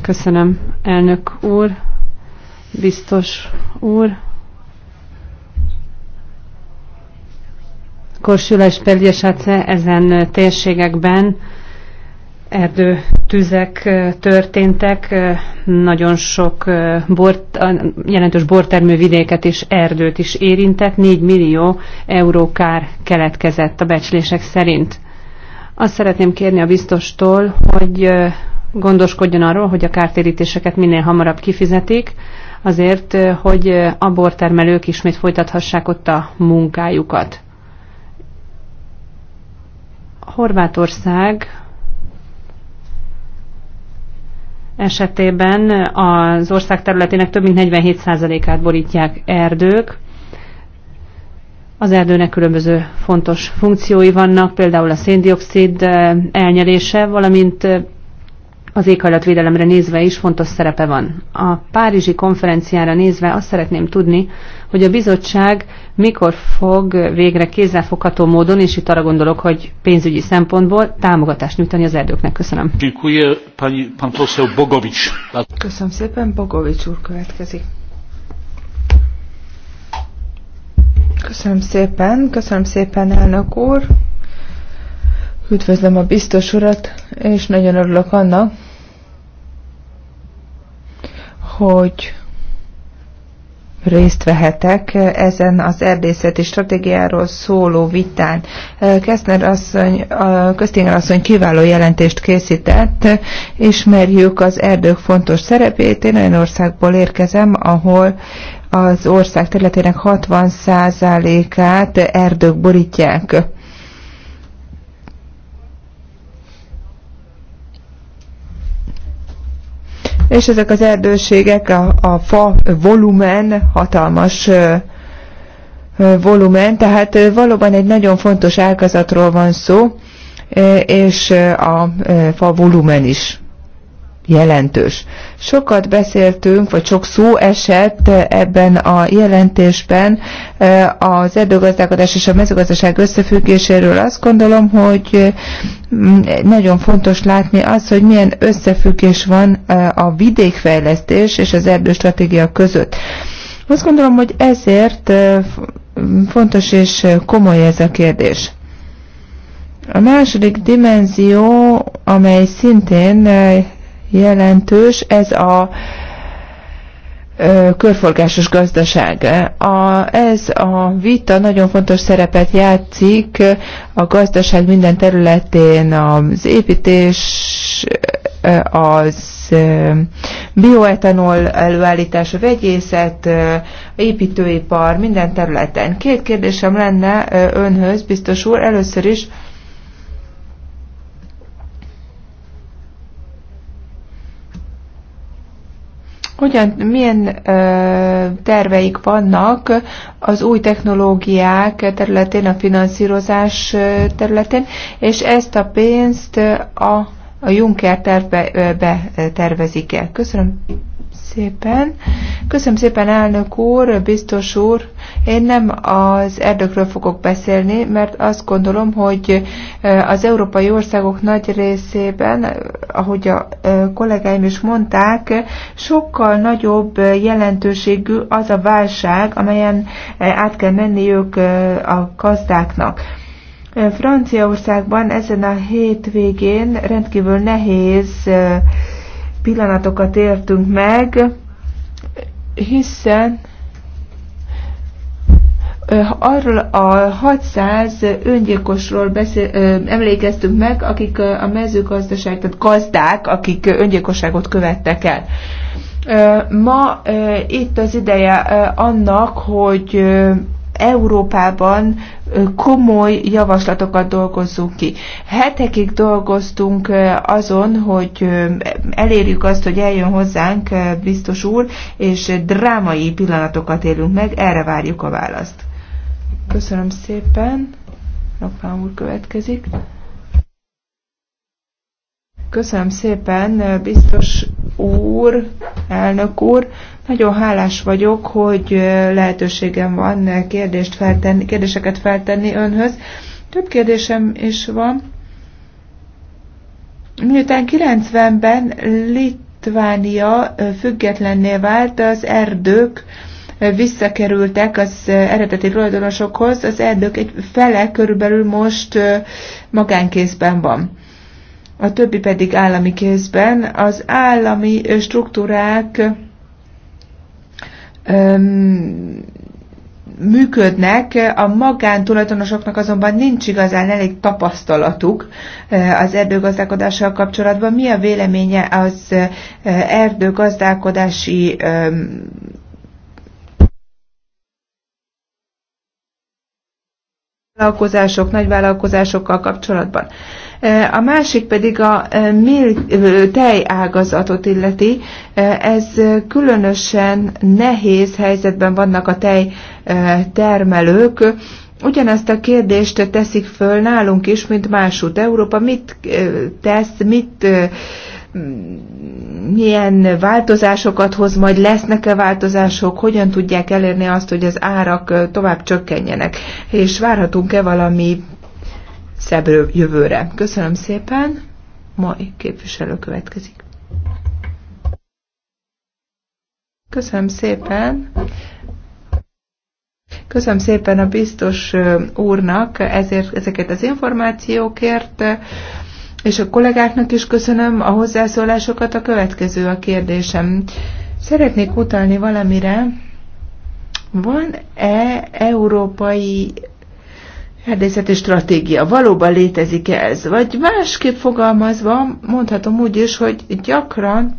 Köszönöm, elnök úr, biztos úr. Korsülés és ezen térségekben erdő tüzek történtek, nagyon sok bort, jelentős vidéket és erdőt is érintett, 4 millió euró kár keletkezett a becslések szerint. Azt szeretném kérni a biztostól, hogy gondoskodjon arról, hogy a kártérítéseket minél hamarabb kifizetik, azért, hogy a bortermelők ismét folytathassák ott a munkájukat. Horvátország esetében az ország területének több mint 47%-át borítják erdők, az erdőnek különböző fontos funkciói vannak, például a széndiokszid eh, elnyelése, valamint eh, az éghajlatvédelemre nézve is fontos szerepe van. A Párizsi konferenciára nézve azt szeretném tudni, hogy a bizottság mikor fog végre kézzelfogható módon, és itt arra gondolok, hogy pénzügyi szempontból támogatást nyújtani az erdőknek. Köszönöm. Köszönöm szépen, Bogovics úr következik. Köszönöm szépen, köszönöm szépen, elnök úr. Üdvözlöm a biztos urat, és nagyon örülök annak, hogy részt vehetek ezen az erdészeti stratégiáról szóló vitán. Kessner asszony, a Köztinger asszony kiváló jelentést készített, ismerjük az erdők fontos szerepét. Én olyan országból érkezem, ahol az ország területének 60%-át erdők borítják. És ezek az erdőségek, a, a fa volumen hatalmas volumen, tehát valóban egy nagyon fontos ágazatról van szó, és a fa volumen is jelentős. Sokat beszéltünk, vagy sok szó esett eh, ebben a jelentésben eh, az erdőgazdálkodás és a mezőgazdaság összefüggéséről. Azt gondolom, hogy mm, nagyon fontos látni az, hogy milyen összefüggés van eh, a vidékfejlesztés és az erdőstratégia között. Azt gondolom, hogy ezért fontos és komoly ez a kérdés. A második dimenzió, amely szintén jelentős, ez a körforgásos gazdaság. A, ez a vita nagyon fontos szerepet játszik a gazdaság minden területén, az építés, az bioetanol előállítás, a vegyészet, építőipar, minden területen. Két kérdésem lenne önhöz, biztos úr, először is, hogyan, milyen ö, terveik vannak az új technológiák területén, a finanszírozás területén, és ezt a pénzt a, a Juncker tervbe tervezik e Köszönöm szépen. Köszönöm szépen, elnök úr, biztos úr. Én nem az erdőkről fogok beszélni, mert azt gondolom, hogy az európai országok nagy részében, ahogy a kollégáim is mondták, sokkal nagyobb jelentőségű az a válság, amelyen át kell menniük a gazdáknak. Franciaországban ezen a hétvégén rendkívül nehéz pillanatokat értünk meg, hiszen arról a 600 öngyilkosról beszél, emlékeztünk meg, akik a mezőgazdaság, tehát gazdák, akik öngyilkosságot követtek el. Ma itt az ideje annak, hogy Európában komoly javaslatokat dolgozzunk ki. Hetekig dolgoztunk azon, hogy elérjük azt, hogy eljön hozzánk biztos úr, és drámai pillanatokat élünk meg, erre várjuk a választ. Köszönöm szépen. Rapán úr következik. Köszönöm szépen, biztos úr, elnök úr. Nagyon hálás vagyok, hogy lehetőségem van kérdést feltenni, kérdéseket feltenni önhöz. Több kérdésem is van. Miután 90-ben Litvánia függetlenné vált, az erdők visszakerültek az eredeti tulajdonosokhoz, az erdők egy fele körülbelül most magánkézben van a többi pedig állami kézben. Az állami struktúrák működnek, a magántulajdonosoknak azonban nincs igazán elég tapasztalatuk az erdőgazdálkodással kapcsolatban. Mi a véleménye az erdőgazdálkodási vállalkozások, nagyvállalkozásokkal kapcsolatban? A másik pedig a mil, tejágazatot illeti. Ez különösen nehéz helyzetben vannak a tejtermelők. Ugyanezt a kérdést teszik föl nálunk is, mint másút. Európa mit tesz, mit milyen változásokat hoz, majd lesznek-e változások, hogyan tudják elérni azt, hogy az árak tovább csökkenjenek, és várhatunk-e valami szebb jövőre. Köszönöm szépen, mai képviselő következik. Köszönöm szépen. Köszönöm szépen a biztos úrnak ezért, ezeket az információkért, és a kollégáknak is köszönöm a hozzászólásokat. A következő a kérdésem. Szeretnék utalni valamire. Van-e európai Erdészeti stratégia. Valóban létezik-e ez? Vagy másképp fogalmazva, mondhatom úgy is, hogy gyakran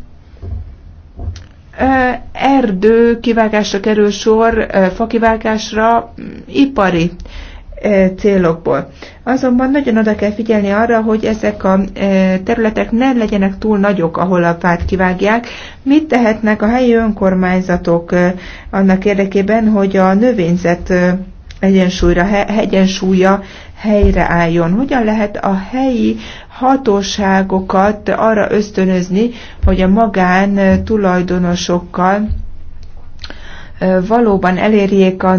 erdő kivágásra kerül sor, fakivágásra mm, ipari célokból. Azonban nagyon oda kell figyelni arra, hogy ezek a területek ne legyenek túl nagyok, ahol a fát kivágják. Mit tehetnek a helyi önkormányzatok annak érdekében, hogy a növényzet egyensúlyra, egyensúlya helyreálljon. Hogyan lehet a helyi hatóságokat arra ösztönözni, hogy a magán tulajdonosokkal valóban elérjék a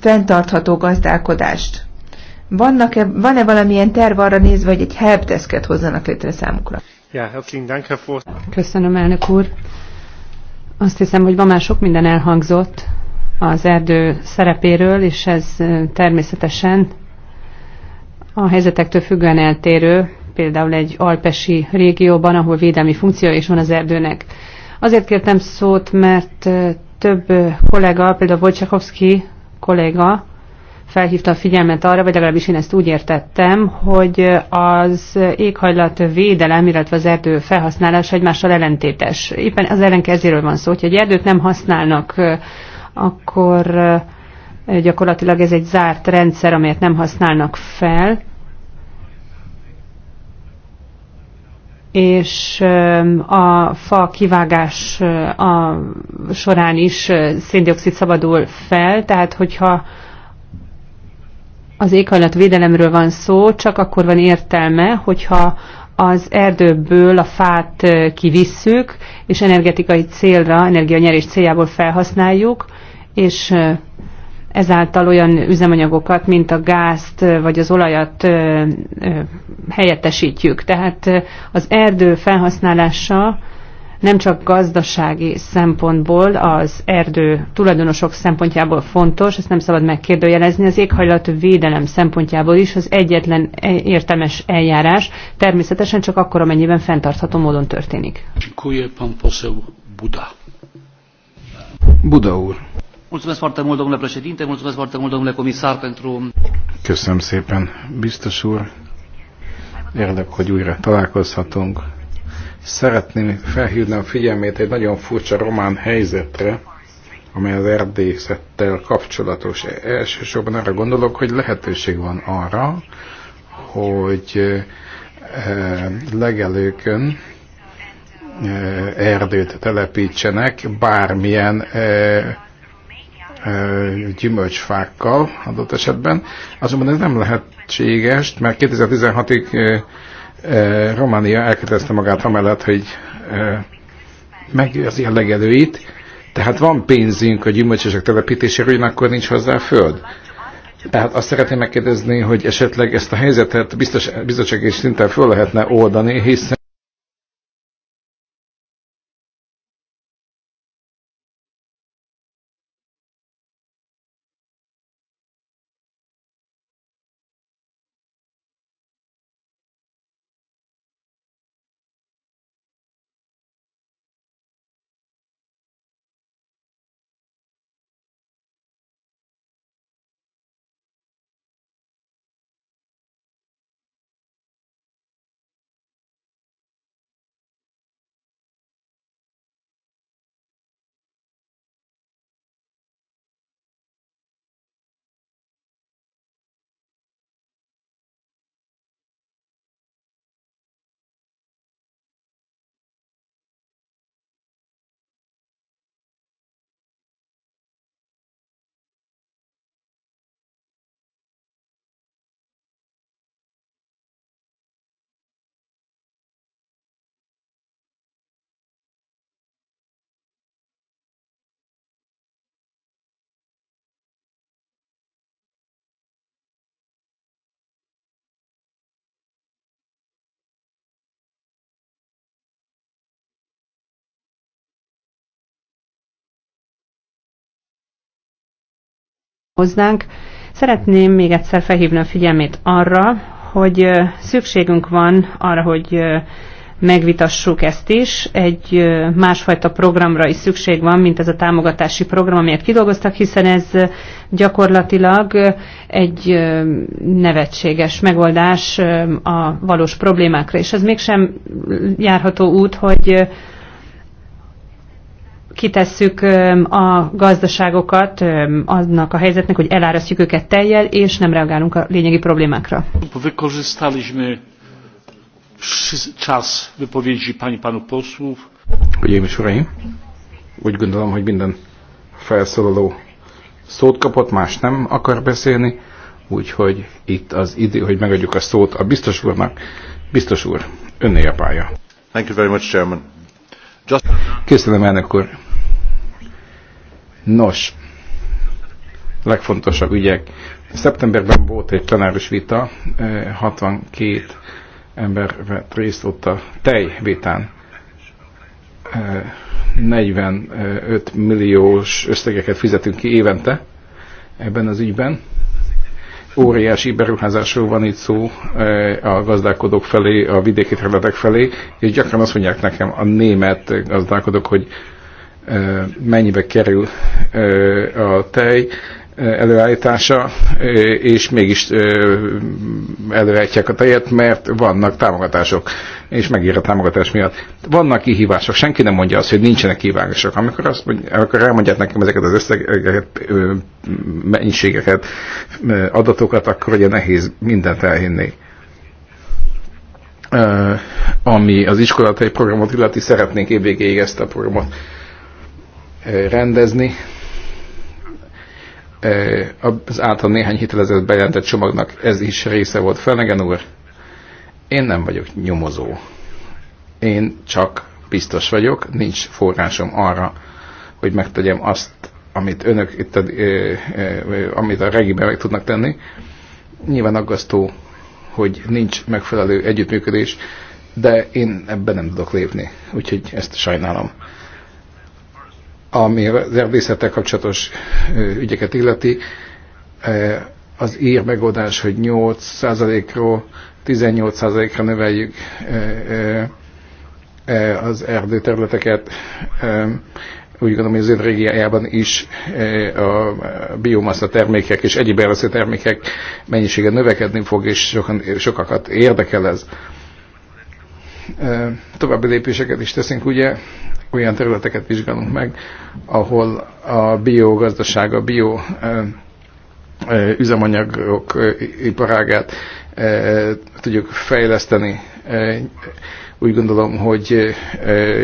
fenntartható gazdálkodást? Vannak-e, van-e valamilyen terv arra nézve, hogy egy helpdesket hozzanak létre számukra? Köszönöm, elnök úr. Azt hiszem, hogy ma már sok minden elhangzott, az erdő szerepéről, és ez természetesen a helyzetektől függően eltérő, például egy alpesi régióban, ahol védelmi funkció is van az erdőnek. Azért kértem szót, mert több kollega, például Wojciechowski kollega felhívta a figyelmet arra, vagy legalábbis én ezt úgy értettem, hogy az éghajlat védelem, illetve az erdő felhasználása egymással ellentétes. Éppen az ellenkezéről van szó, hogy egy erdőt nem használnak akkor gyakorlatilag ez egy zárt rendszer, amelyet nem használnak fel, és a fa kivágás a során is széndiokszid szabadul fel, tehát hogyha az éghajlatvédelemről van szó, csak akkor van értelme, hogyha az erdőből a fát kivisszük, és energetikai célra, energianyerés céljából felhasználjuk, és ezáltal olyan üzemanyagokat, mint a gázt vagy az olajat helyettesítjük. Tehát az erdő felhasználása nem csak gazdasági szempontból, az erdő tulajdonosok szempontjából fontos, ezt nem szabad megkérdőjelezni, az éghajlat védelem szempontjából is az egyetlen e- értelmes eljárás, természetesen csak akkor, amennyiben fenntartható módon történik. Buda. Buda úr. Mulțumesc foarte mult, domnule președinte, mulțumesc foarte mult, domnule comisar, pentru... Köszönöm szépen, biztos úr. Érdek, hogy újra találkozhatunk. Szeretném felhívni a figyelmét egy nagyon furcsa román helyzetre, amely az erdészettel kapcsolatos. Elsősorban arra gondolok, hogy lehetőség van arra, hogy eh, legelőkön eh, erdőt telepítsenek bármilyen eh, gyümölcsfákkal adott esetben. Azonban ez nem lehetséges, mert 2016-ig Románia elkötelezte magát amellett, hogy megőrzi a legelőit, tehát van pénzünk a gyümölcsösek telepítésére, ugyanakkor nincs hozzá föld. Tehát azt szeretném megkérdezni, hogy esetleg ezt a helyzetet biztos, bizottsági szinten föl lehetne oldani, hiszen hoznánk. Szeretném még egyszer felhívni a figyelmét arra, hogy szükségünk van arra, hogy megvitassuk ezt is. Egy másfajta programra is szükség van, mint ez a támogatási program, amelyet kidolgoztak, hiszen ez gyakorlatilag egy nevetséges megoldás a valós problémákra. És ez mégsem járható út, hogy kitesszük a gazdaságokat annak a helyzetnek, hogy elárasztjuk őket teljel, és nem reagálunk a lényegi problémákra. Wykorzystaliśmy czas wypowiedzi pani panów posłów. Hölgyeim és uraim, úgy gondolom, hogy minden felszólaló szót kapott, más nem akar beszélni, úgyhogy itt az idő, hogy megadjuk a szót a biztos úrnak. Biztos úr, önné a pálya. Thank you very much, Chairman. Just... Köszönöm, elnök úr. Nos, legfontosabb ügyek. Szeptemberben volt egy tanáros vita, 62 ember vett részt ott a tejvitán. 45 milliós összegeket fizetünk ki évente ebben az ügyben. Óriási beruházásról van itt szó a gazdálkodók felé, a vidéki területek felé, és gyakran azt mondják nekem a német gazdálkodók, hogy mennyibe kerül a tej előállítása, és mégis előállítják a tejet, mert vannak támogatások, és megír a támogatás miatt. Vannak kihívások, senki nem mondja azt, hogy nincsenek kihívások. Amikor, azt mondja, amikor elmondják nekem ezeket az összegeket, mennyiségeket, adatokat, akkor ugye nehéz mindent elhinni ami az iskolatai programot illeti, szeretnénk évvégéig ezt a programot rendezni az által néhány héttel ezelőtt bejelentett csomagnak ez is része volt. Flanagan úr, én nem vagyok nyomozó. Én csak biztos vagyok, nincs forrásom arra, hogy megtegyem azt, amit önök itt, a, amit a regiben meg tudnak tenni. Nyilván aggasztó, hogy nincs megfelelő együttműködés, de én ebben nem tudok lépni, úgyhogy ezt sajnálom. Ami az erdészettel kapcsolatos ügyeket illeti, az ír megoldás, hogy 8%-ról 18%-ra növeljük az erdőterületeket. Úgy gondolom, hogy az régiájában is a biomassa termékek és egyéb elvesző termékek mennyisége növekedni fog, és sokan, sokakat érdekel ez. További lépéseket is teszünk, ugye olyan területeket vizsgálunk meg, ahol a biogazdaság, a bio üzemanyagok iparágát tudjuk fejleszteni. Úgy gondolom, hogy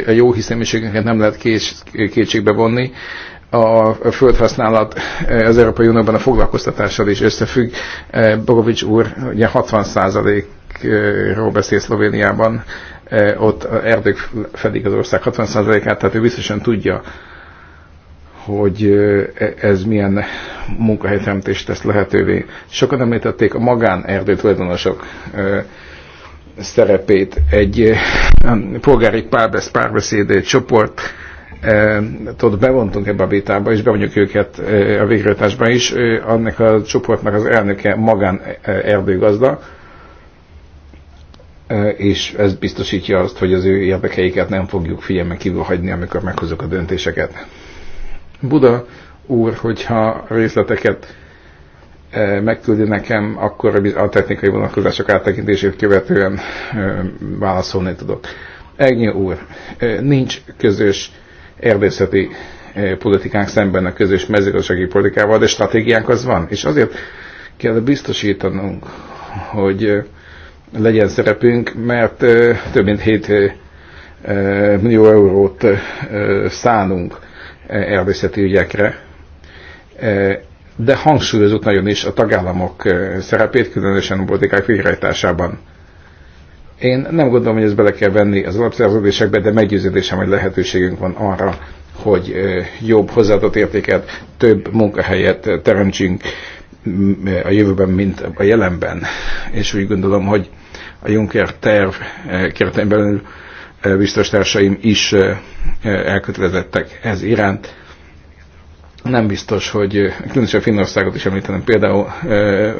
a jó hiszeműségünket nem lehet kétségbe vonni. A földhasználat az Európai Unióban a foglalkoztatással is összefügg. Bogovics úr ugye 60 ról beszél Szlovéniában E, ott erdők fedik az ország 60%-át, tehát ő biztosan tudja, hogy e, ez milyen munkahelyteremtést tesz lehetővé. Sokan említették a magán tulajdonosok e, szerepét, egy polgári párbesz, párbeszéd, egy csoport, ott bevontunk ebbe a vitába, és bevonjuk őket a végrehajtásba is. Annak a csoportnak az elnöke magán erdőgazda, és ez biztosítja azt, hogy az ő érdekeiket nem fogjuk figyelmen kívül hagyni, amikor meghozok a döntéseket. Buda úr, hogyha részleteket megküldi nekem, akkor a technikai vonatkozások áttekintését követően válaszolni tudok. Egnyi úr, nincs közös erdészeti politikánk szemben a közös mezőgazdasági politikával, de stratégiánk az van. És azért kell biztosítanunk, hogy legyen szerepünk, mert több mint 7 millió eurót szánunk erdészeti ügyekre. De hangsúlyozott nagyon is a tagállamok szerepét, különösen a politikák végrehajtásában. Én nem gondolom, hogy ezt bele kell venni az alapszerződésekbe, de meggyőződésem, hogy lehetőségünk van arra, hogy jobb hozzáadott értéket, több munkahelyet teremtsünk a jövőben, mint a jelenben. És úgy gondolom, hogy a Juncker terv eh, keretein belül eh, biztos társaim is eh, elkötelezettek ez iránt. Nem biztos, hogy különösen Finnországot is említenem. Például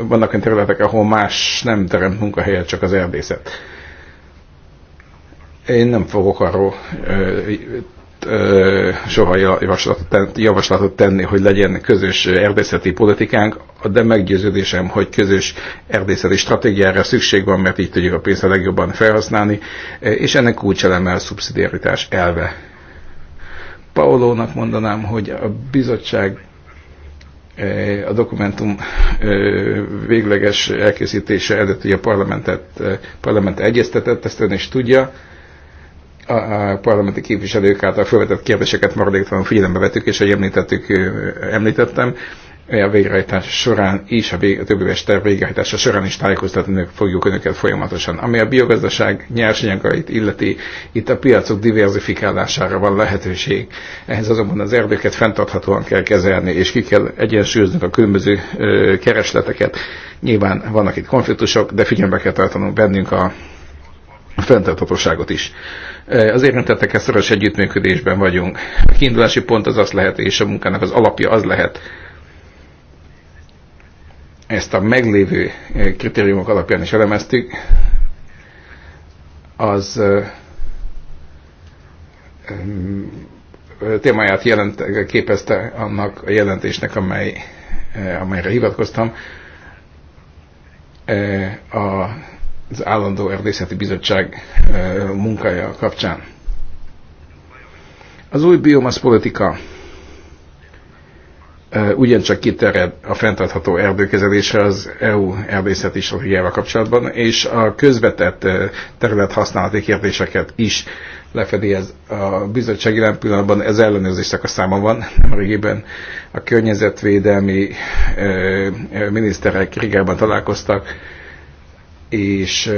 vannak olyan területek, ahol más nem teremt munkahelyet, csak az erdészet. Én nem fogok arról soha javaslatot tenni, hogy legyen közös erdészeti politikánk, de meggyőződésem, hogy közös erdészeti stratégiára szükség van, mert így tudjuk a pénzt a legjobban felhasználni, és ennek kulcseleme a szubszidiaritás elve. Paolónak mondanám, hogy a bizottság a dokumentum végleges elkészítése előtt, hogy a parlamentet, parlament egyeztetett, ezt ön is tudja, a, a parlamenti képviselők által felvetett kérdéseket maradéktalanul figyelembe vettük, és ahogy említettük, említettem, a végrehajtás során is, a, vég, a több éves terv végrehajtása során is tájékoztatni fogjuk önöket folyamatosan. Ami a biogazdaság nyersanyagait illeti, itt a piacok diversifikálására van lehetőség. Ehhez azonban az erdőket fenntarthatóan kell kezelni, és ki kell egyensúlyozni a különböző ö, keresleteket. Nyilván vannak itt konfliktusok, de figyelembe kell tartanunk bennünk a fenntarthatóságot is. Az érintettekkel szoros együttműködésben vagyunk. A kiindulási pont az az lehet, és a munkának az alapja az lehet, ezt a meglévő kritériumok alapján is elemeztük, az témáját jelent, képezte annak a jelentésnek, amely, amelyre hivatkoztam, a az állandó erdészeti bizottság munkája kapcsán. Az új biomasz politika ugyancsak kiterjed a fenntartható erdőkezelésre az EU erdészeti stratégiával kapcsolatban, és a közvetett területhasználati kérdéseket is lefedi ez a bizottság jelen pillanatban, ez ellenőrzés szakaszában van, nemrégiben a környezetvédelmi miniszterek Rigában találkoztak, és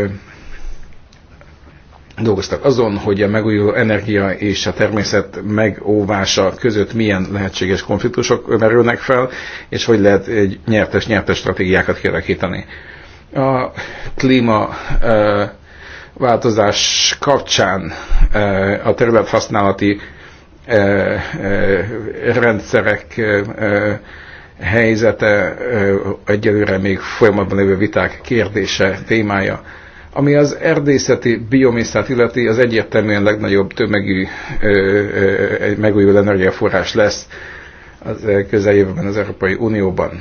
dolgoztak azon, hogy a megújuló energia és a természet megóvása között milyen lehetséges konfliktusok merülnek fel, és hogy lehet egy nyertes-nyertes stratégiákat kialakítani. A klíma változás kapcsán a területhasználati rendszerek helyzete, egyelőre még folyamatban lévő viták kérdése, témája. Ami az erdészeti biomészát illeti, az egyértelműen legnagyobb tömegű megújuló energiaforrás lesz az közeljövőben az Európai Unióban.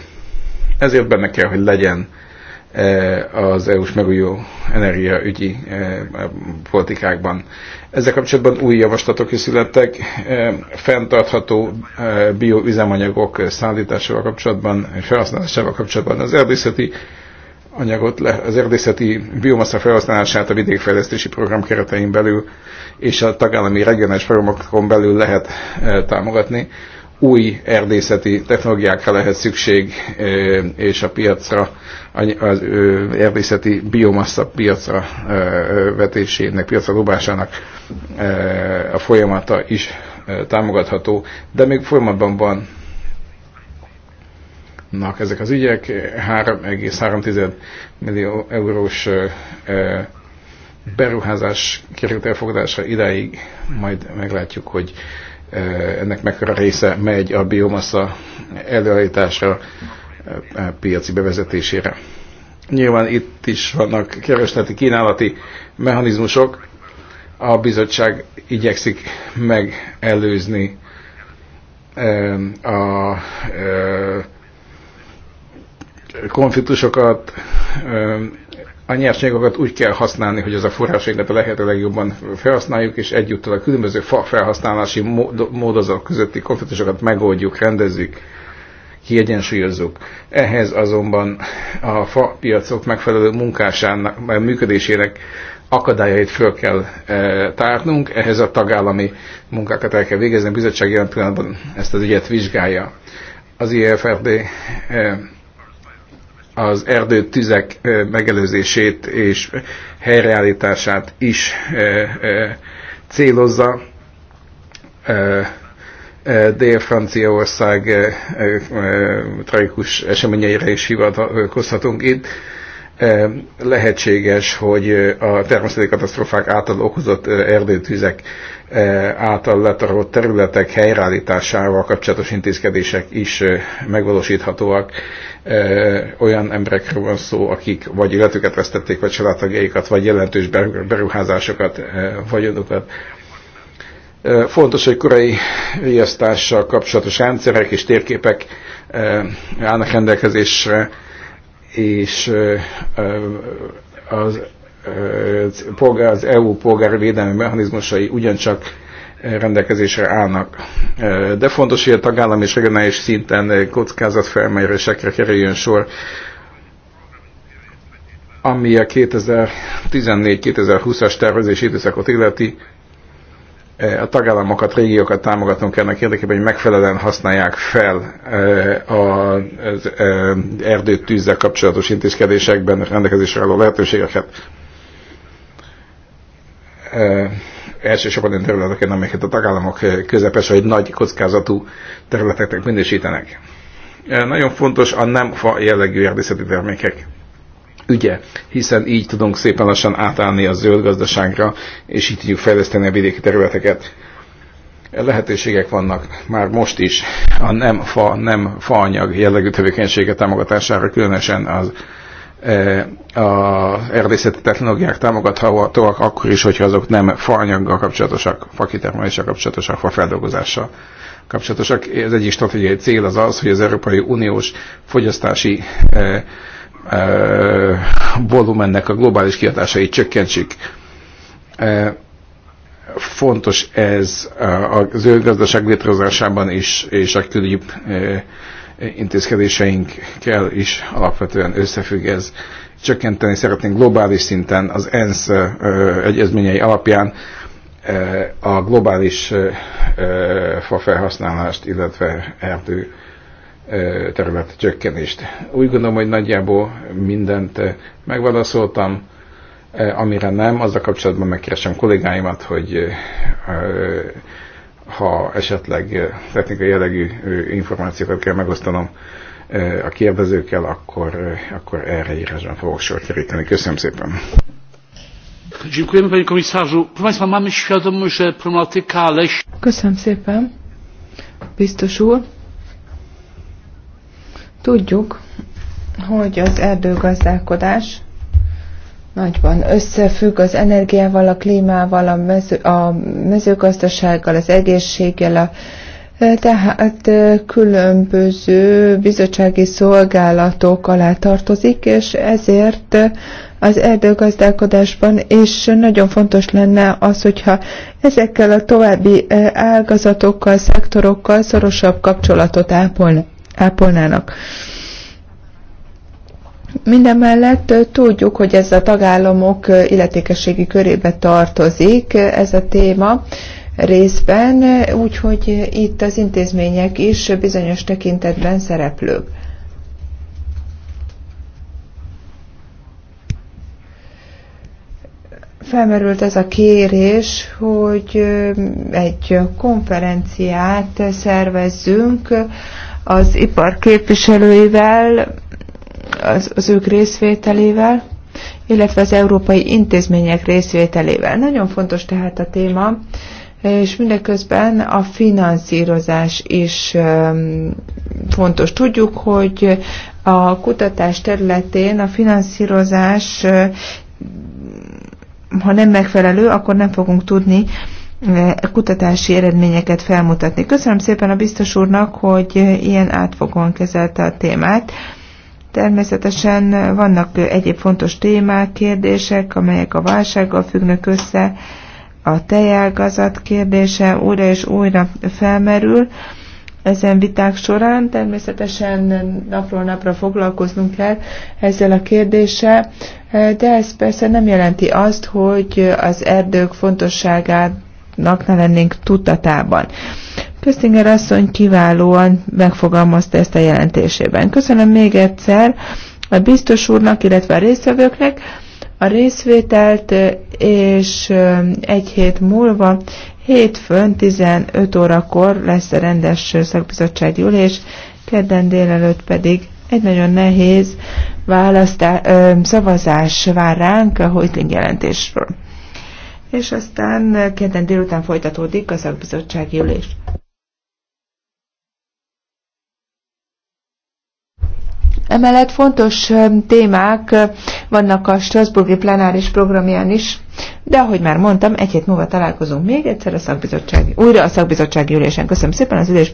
Ezért benne kell, hogy legyen Eh, az EU-s megújuló energiaügyi eh, politikákban. Ezzel kapcsolatban új javaslatok is születtek, eh, fenntartható bioüzemanyagok szállításával kapcsolatban, felhasználásával kapcsolatban az erdészeti anyagot, az erdészeti biomassa felhasználását a vidékfejlesztési program keretein belül és a tagállami regionális programokon belül lehet támogatni új erdészeti technológiákra lehet szükség, és a piacra, az erdészeti biomassa piacra vetésének, piacra dobásának a folyamata is támogatható, de még folyamatban van vannak ezek az ügyek. 3,3 millió eurós beruházás került elfogadásra idáig, majd meglátjuk, hogy ennek mekkora része megy a biomassa előállításra, piaci bevezetésére. Nyilván itt is vannak keresleti kínálati mechanizmusok. A bizottság igyekszik megelőzni a konfliktusokat, a nyersanyagokat úgy kell használni, hogy az a forrásaikat a lehető legjobban felhasználjuk, és egyúttal a különböző fa felhasználási módozat közötti konfliktusokat megoldjuk, rendezzük, kiegyensúlyozzuk. Ehhez azonban a fa piacok megfelelő munkásának, eh, működésének akadályait föl kell e, tárnunk, ehhez a tagállami munkákat el kell végezni, a bizottság jelen pillanatban ezt az ügyet vizsgálja. Az IFRD e, eh, az erdőtüzek megelőzését és helyreállítását is célozza. Dél-Franciaország tragikus eseményeire is hivatkozhatunk itt lehetséges, hogy a természeti katasztrofák által okozott erdőtüzek által letarolt területek helyreállításával kapcsolatos intézkedések is megvalósíthatóak. Olyan emberekről van szó, akik vagy életüket vesztették, vagy családtagjaikat, vagy jelentős beruházásokat, vagyonokat Fontos, hogy korai riasztással kapcsolatos rendszerek és térképek állnak rendelkezésre, és az, az EU polgári védelmi mechanizmusai ugyancsak rendelkezésre állnak. De fontos, hogy a tagállam és regionális szinten kockázatfelmérésekre kerüljön sor, ami a 2014-2020-as tervezési időszakot illeti, Eh, a tagállamokat, régiókat támogatunk ennek érdekében, hogy megfelelően használják fel eh, az eh, erdőtűzzel kapcsolatos intézkedésekben rendelkezésre álló lehetőségeket. Elsősorban olyan területeken, amelyeket a tagállamok közepes vagy nagy kockázatú területeknek minősítenek. Nagyon fontos a nem fa jellegű erdészeti termékek ügye, hiszen így tudunk szépen lassan átállni a zöld gazdaságra, és így tudjuk fejleszteni a vidéki területeket. Lehetőségek vannak már most is a nem fa, nem faanyag jellegű tevékenysége támogatására, különösen az eh, a erdészeti technológiák támogathatóak akkor is, hogyha azok nem faanyaggal kapcsolatosak, fakitermeléssel kapcsolatosak, fafeldolgozással kapcsolatosak. Az egyik stratégiai cél az az, hogy az Európai Uniós fogyasztási eh, volumennek a globális kiadásait csökkentsük. Fontos ez az gazdaság létrehozásában is, és a külügyi intézkedéseinkkel is alapvetően összefügg ez. Csökkenteni szeretnénk globális szinten az ENSZ egyezményei alapján a globális fafelhasználást, illetve erdő terület csökkenést. Úgy gondolom, hogy nagyjából mindent megválaszoltam, amire nem, azzal kapcsolatban megkeresem kollégáimat, hogy ha esetleg technikai jellegű információkat kell megosztanom a kérdezőkkel, akkor, akkor erre írásban fogok sor keríteni. Köszönöm szépen! Dziękujemy panie komisarzu. państwa, mamy świadomość, że problematyka leśna. Köszönöm szépen, biztos úr. Tudjuk, hogy az erdőgazdálkodás nagyban összefügg az energiával, a klímával, a, mező, a mezőgazdasággal, az egészséggel, a, e, tehát e, különböző bizottsági szolgálatok alá tartozik, és ezért az erdőgazdálkodásban is nagyon fontos lenne az, hogyha ezekkel a további e, ágazatokkal, szektorokkal szorosabb kapcsolatot ápolnak ápolnának. Minden mellett tudjuk, hogy ez a tagállamok illetékességi körébe tartozik ez a téma részben, úgyhogy itt az intézmények is bizonyos tekintetben szereplők. felmerült ez a kérés, hogy egy konferenciát szervezzünk az ipar képviselőivel, az, az ők részvételével, illetve az európai intézmények részvételével. Nagyon fontos tehát a téma, és mindeközben a finanszírozás is fontos. Tudjuk, hogy a kutatás területén a finanszírozás ha nem megfelelő, akkor nem fogunk tudni kutatási eredményeket felmutatni. Köszönöm szépen a biztos úrnak, hogy ilyen átfogóan kezelte a témát. Természetesen vannak egyéb fontos témák, kérdések, amelyek a válsággal függnek össze, a tejágazat kérdése újra és újra felmerül. Ezen viták során természetesen napról napra foglalkoznunk kell ezzel a kérdéssel, de ez persze nem jelenti azt, hogy az erdők fontosságát polgároknak ne lennénk tudatában. Köszönjük asszony kiválóan megfogalmazta ezt a jelentésében. Köszönöm még egyszer a biztos úrnak, illetve a résztvevőknek a részvételt, és egy hét múlva, hétfőn 15 órakor lesz a rendes szakbizottsági ülés, kedden délelőtt pedig egy nagyon nehéz választá- szavazás vár ránk a Hojtling jelentésről és aztán kedden délután folytatódik a szakbizottsági ülés. Emellett fontos témák vannak a Strasburgi plenáris programján is, de ahogy már mondtam, egy hét múlva találkozunk még egyszer a szakbizottsági, újra a szakbizottsági ülésen. Köszönöm szépen az ülés